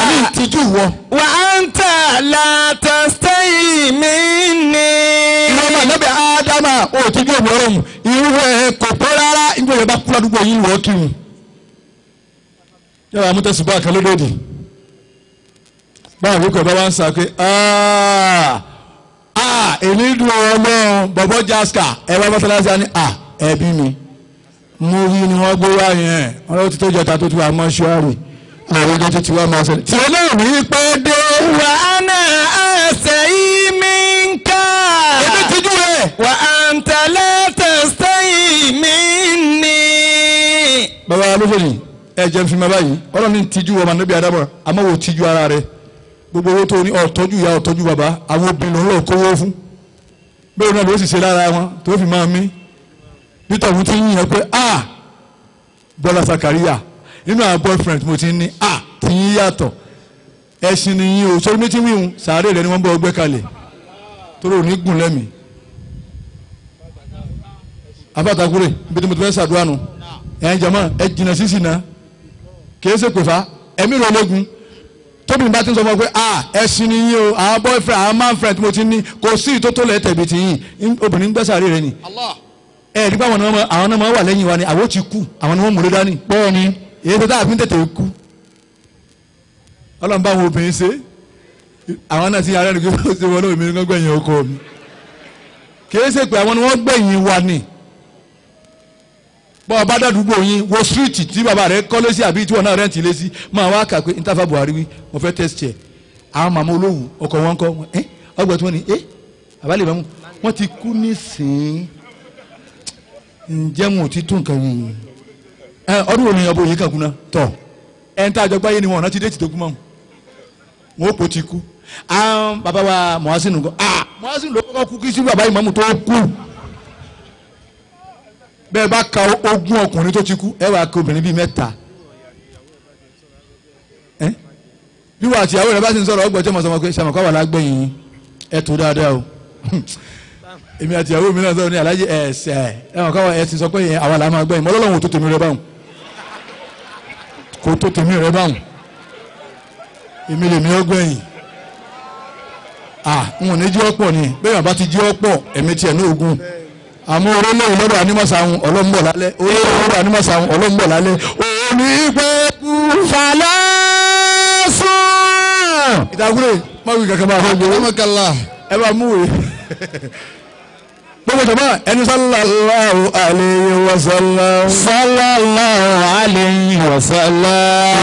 Speaker 1: àmì ìtìjú wọ. wà á ń tà látà sẹ́yìn mi ni. ìwọ́n máa ádámà ó ti jó ìwọ́ ọ̀hún ìwọ́ ẹ̀ kò pẹ́ rárá ìgbọ̀nyẹ̀ bá yìí wọ́ọ́ kírun. yàrá mú tẹ̀sùn bá a kan lódòdì báwo ló kọ̀ bá wá ń sá pé ah, ah, èmi dùn ọmọ bọ̀bọ̀ jaska ẹ wá mọ́sálásí á ní ah, ẹbí mi mo rí ni wọ́n gbé wá yẹn wọ́n lọ́wọ́ ti tó jọta tó ti wà mọ́ṣúárì àwọn ọjọ́ tó ti wá máa ṣẹlẹ̀. tìrẹ náà ní pẹ́ dé. wà á nà ẹsẹ̀ yìí mi ń kà. èmi ti dùn ẹ̀. wà á ń tẹ̀lé tẹ̀sẹ̀ yìí mi ní. bàbá alófòyìn ẹ jẹun fi máa báyìí ọlọ́run ní tijú ọmọ níbi àdàbọ̀ àmọ́ wò tijú ara rẹ̀ gbogbo owó tó ní ọ̀tọ́jú ìyá ọ̀tọ́jú bàbá àwọn obìnrin lọ́wọ́ kówó fún bẹ́ẹ̀ náà ló sì ṣe lára wọn tó fi máa mí nítorí wọn ti ń yàn pé a Bọ́lá Sakaria nínú àwọn boyfriend mo ti ní a ti yín yàtọ̀ ẹ̀sìn nìyí o sórí méjì wíwùn sàárè rẹ ni wọ́n bọ́ ọgbẹ́ kalẹ̀ torí ò ní gùn lẹ́mìí abatakure ibi tí mo ti fẹ́ ṣàdúrà nù ẹ̀ jìnnà sísìn náà kì í ṣe pèfà ẹ̀mí tóbi bá ti ń sọ fún ọ pé ah ẹ̀sìn ni yín o àwọn boyfriend àwọn man friend mo ti ní kò sí ìtótó lẹ̀ tẹ̀bi ti yín obìnrin ń gbẹ́sàárè rẹ ni. ẹ nígbà àwọn náà àwọn náà wà lẹ́yìn wa ni àwọn ti kú àwọn ni wọ́n múlẹ̀ dání. bẹ́ẹ̀ni èyí tó dáa fi ń tètè kú Ọlọ́run bá àwọn obìnrin ṣe àwọn náà ti yára ẹni kí wọ́n ṣe wọlé òmìnir bọ́ ọba dàdúgbò yín wo síríìtì tí bàbá rẹ kọ́ lé sí àbí tí wọn náà rẹ́ǹtì lé sí máa wá kà pé ntafa Buhari wí mo fẹ́ test ẹ̀ àwọn màmá olówù ọkọ̀ wọn kọ́ eh, ọgbà tí wọ́n ní eh, àbálẹ̀ wọ́n ti kú ǹjẹ́ ti tún nǹkan yìí ẹ ọdún wo ni ọbọ yìí kankuna tọ ẹ ń àjọ gbáyé ni wọn ọ̀nà ti dé ti tó mọ́ wọn ó po ti kú àwọn bàbá wa bẹ́ẹ̀ bá ka ogún ọkùnrin tó ti kú ẹ wàá ka obìnrin bíi mẹ́ta bí wàá ti ìyàwó rẹ bá ti ń sọ̀rọ̀ ọgbọ̀n tí mo sọ ma pé sàmùkọ wà lágbẹ̀yìn ẹ tó dáadáa o èmi àti ìyàwó mi náà sọ̀rọ̀ ní alájẹ ẹsẹ̀ ẹ̀wọ̀n káwọn ẹ ti sọ pé àwa làá máa gbẹ̀yìn mọ́lọ́lọ́hún ò tó tèmi rẹ báwọn kò tó tèmi rẹ báwọn èmi lèmi ọgbẹ̀yìn à n ò ní jí ọ̀pọ̀ ni bẹ́ẹ̀ bá ti jí ọ̀pọ̀ ẹ̀mí tiẹ̀ ní ogun àmọ́ orílẹ̀ ìlọ́dọ̀ anímọ̀sáhùn ọlọ́mbọ̀ lálẹ́ orílẹ̀ ìlọ́dọ̀ anímọ̀sáhùn ọlọ́mbọ̀ lálẹ́ òní pẹ́kú falásùn. ìtàgùrẹ̀ mọ̀wé kankan máa fọ́ gbòòrò mọ̀kànlá ẹ bá mú wèé. gbogbo jọba ẹni sallallahu alayhi wa sallam. sallallahu alayhi wa sallam.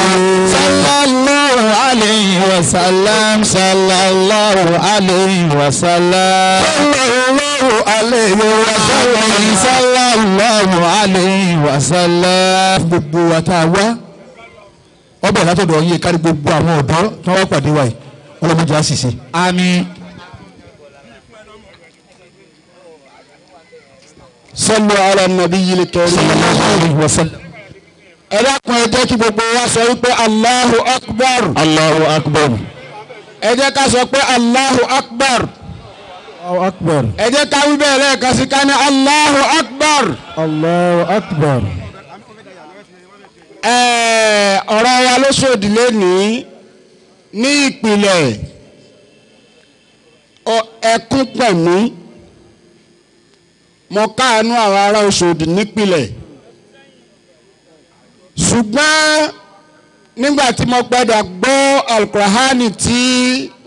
Speaker 1: sallallahu alayhi wa sallam. sallallahu alayhi wa sallam sallallahu alayhi wa sallam sallallahu alayhi wa sallam. gbogbo wa tá a wá ọbẹ̀ látọ̀dọ̀ yìí kárí gbogbo àwọn ọ̀dọ́ tí wọ́n pàdé wa yìí ọlọ́mọdé á sì ṣe. àmín. sallu ala nabiyil karim sallallahu alayhi wa sallam ẹ dákun ẹ jẹ́ kí gbogbo wa sọ wípé Allahu akbar. Allahu akbar. ẹ jẹ́ ká sọ pé Allahu akbar. Allahu akbar. ẹ jẹ́ ká wí bẹ́ẹ̀ lẹ́ẹ̀kan sí ká ní Allahu akbar. Allahu akbar. ẹ̀ẹ́ ọ̀rọ̀ wa ló sòdì lónìí ní ìpìlẹ̀ ẹkún pẹ̀mí mo káàánú àwọn ará Ọ̀ṣọ́dì nípìlẹ̀ ṣùgbọ́n nígbà tí mo gbọ́dọ̀ gbọ́ alukurahani tí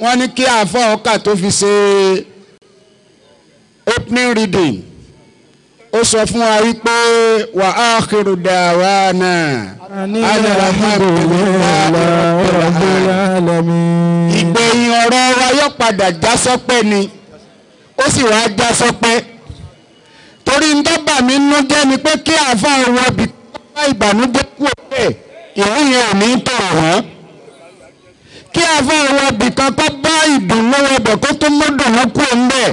Speaker 1: wọ́n ní kí àfọ̀ ọkà tó fi ṣe é opening reading ó sọ fún wa wípé wà á kiri dàwa náà ìgbẹ̀yìn ọ̀rọ̀ wa yóò padà já sọ́pẹ́ ni ó sì wá já sọ́pẹ́ torí ń dábà mi nú jẹ́ ni pé kí àáfàá wọ bí pápá ìbànújẹ́ kú òkè ìlú yẹn ò ní tọ̀ wọ́n kí àáfàá wọ bí kan bá ìdùnnú ọbẹ̀ kó tó mọ́dùnú kú òun bẹ́ẹ̀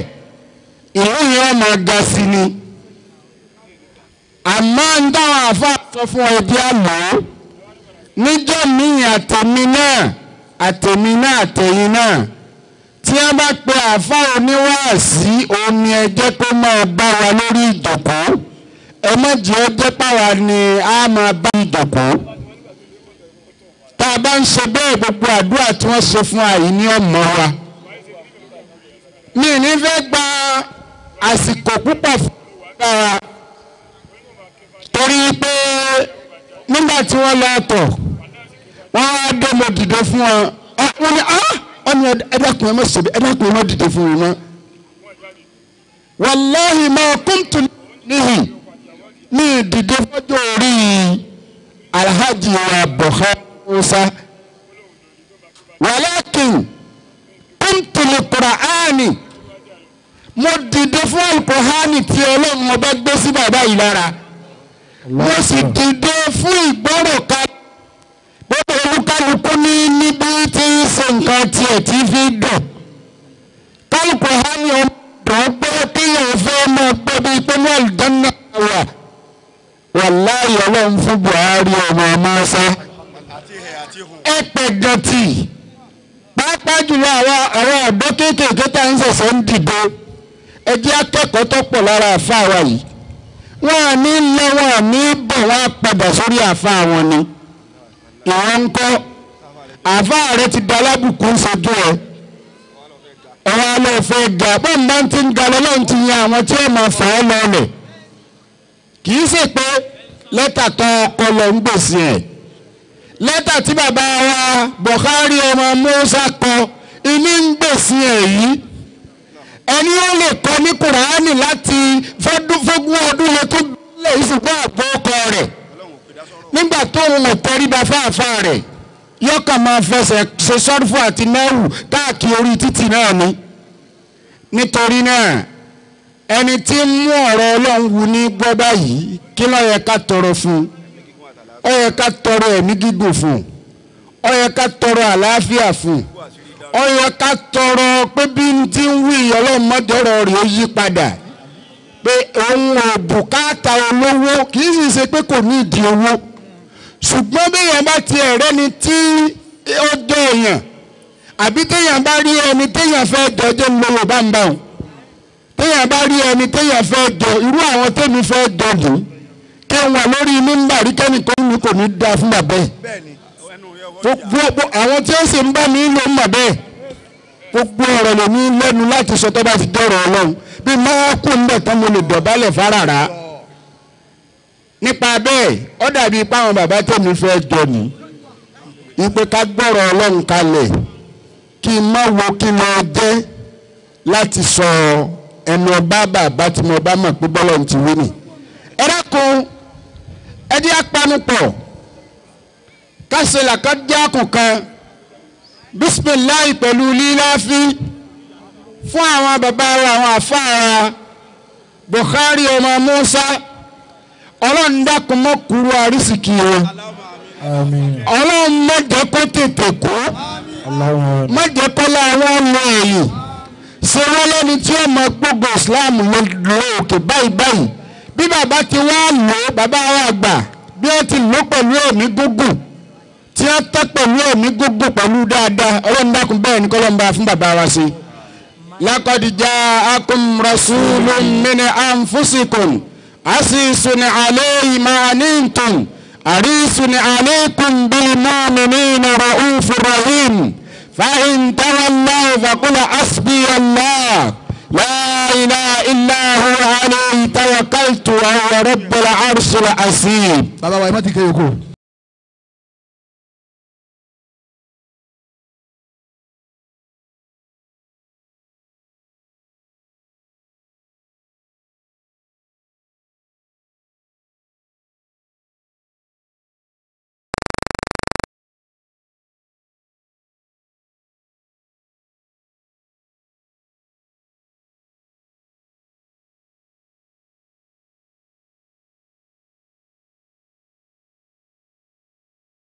Speaker 1: ìlú yẹn ọmọ ga sí ni àmọ́ ń dáhùn àfa sọ fún ọ ẹbí àmọ́ níjọ́ míì àtẹ̀mí náà àtẹ̀mí náà àtẹ̀yìn náà tí wọ́n bá pe àfa oníwàásí omi ẹjẹ́ kó máa bá wa lórí ìjòkó ẹ má jẹ́ ni a máa bá ìjòkó tá a bá ń ṣe bẹ́ẹ̀ gbogbo àdúrà tí wọ́n ṣe fún àyíní ọmọ wa mi ní fẹ́ gba àsìkò púpọ̀ dára torí pé nígbà tí wọ́n lọ tọ̀ wọ́n wá dé mo dìde fún wọn wọ́n ní ah! wọ́n ní ẹ̀dàkùn ẹ̀ má ṣèbí ẹ̀dàkùn ẹ̀ má dìde fún wọn mọ́ wàláhì máa kúntù níhì ní ìdìde fọ́jọ́ orí alhaji wa Buhari Musa wàlákìn kúntù lè Kùránì mo dìde fún alukohani tí ọlọ́run ọba gbé sí bàbá yìí lára mo sì dìde fún ìgbọ́rọ̀ ká gbogbo olúkálukú ní níbi tí ń ṣe nǹkan tiẹ̀ tí fi dùn alukohani ọdún pé kéèyàn fẹ́ mọ pé bíi pé ní àlùjáná wà wàláyé ọlọ́run fún Buhari ọmọ ọmọ ọsẹ ẹ pẹ̀gàn tì pàápàá jùlọ àwọn ọ̀dọ́ kéékèèké tá à ń ṣẹ̀ṣẹ̀ ń dìde ẹ jẹ́ akẹ́kọ̀ọ́ tó pọ̀ lára àfa wa yìí wọn à ní lọ wọn à ní bọ̀ wọn á padà sórí àfa wọn ni ìwọ ń kọ́ àfa rẹ ti da alábùkù ń ṣojú ẹ ọwọ́ alẹ́ fẹ́ ga bọ́n bá ń ti ń ga lọ́lọ́run ti yan àwọn tí wọ́n máa fà ọ́ lọ́ọ̀lẹ̀ kì í ṣe pé lẹ́tà tó kọ lọ ń gbèsè ẹ̀ lẹ́tà tí bàbá wa Buhari ọmọ Musa kọ ilé ń gbèsè ẹ̀ yìí ẹni ó lè kọ́ ní kùránì láti fọ́gbọ́n ọdún lè tó lè ṣùgbọ́n àgbọ̀ ọkọ rẹ̀ nígbà tó ń lò tẹríba fáfá rẹ̀ yọkà máa fẹsẹ̀ ṣe sọ́dúnfù àti náírù káàkiri orí títì náà ni nítorí náà ẹni tí ń mú ọ̀rọ̀ ọlọ́run wù ní gbọ́ báyìí kí ló yẹ ká tọrọ fún ó yẹ ká tọrọ ẹ̀mí gígùn fún ó yẹ ká tọrọ àlàáfíà fún un. ọyọ ká tọrọ pé bí n ti ń wí ọlọ́mọdé rẹ̀ yí padà pé òun ò bùkátà olówó kì í sì ṣe pé kò ní ìdí owó ṣùgbọ́n béèyàn bá ti ẹ̀rẹ́ ni tí ó dọ̀ èèyàn àbí téèyàn bá rí ẹni téèyàn fẹ́ bá ń bá wọn téèyàn bá rí ẹni téèyàn fẹ́ irú gbogbo àwọn tí ó sì ń bá mi ló ń mọ̀ bẹ́ẹ̀ gbogbo ọ̀rọ̀ lèmi lẹ́nu láti sọ tó bá fi dọ̀rọ̀ ọlọ́run bí máa kú ń bẹ̀ tán mo lè dọ̀bálẹ̀ fárara nípa bẹ́ẹ̀ ó dàbí ipá àwọn bàbá tèmi fẹ́ jọ ní ipe ká gbọ́rọ̀ ọlọ́run kalẹ̀ kí n má wo kí n lọ jẹ́ láti sọ ẹnu ọba bàbá tí mo bá mọ̀ pé bọ́lọ̀ ti wí nì ẹ dákun ẹ jẹ́ apanupọ̀ kásìlà kan jákùn kan bisimilayi pẹ̀lú líláfi fún àwọn bàbá wa àwọn àfáàrà Bukhari ọmọ Musa ọlọ́run dákun mọ́ kúrú àrísìkì o ọlọ́run má jẹ́ kó tètè kú má jẹ́ kó láwọn ọmọ èyí ṣe wọ́n lẹ́ni tí ó mọ gbogbo Islam lóòkè báyìí báyìí bí bàbá ti wá lò bàbá wa àgbà bí ó ti lò pẹ̀lú ẹ̀mí gúngùn tí wọ́n tẹ́ pẹ̀lú ẹ̀mí gbogbo pẹ̀lú dáadáa ọlọ́run dákun bẹ́ẹ̀ ni kọ́lọ́run bá fún bàbá wa sí. laqad ja'akum rasulun min anfusikum asisun alayhi ma anittum arisun alaykum bil mu'minina ra'ufur rahim fa in tawallaw faqul hasbiya Allah la ilaha illa huwa alayhi tawakkaltu wa huwa rabbul arshil azim. bàbá wa ẹ má ti kẹ́ yòókù.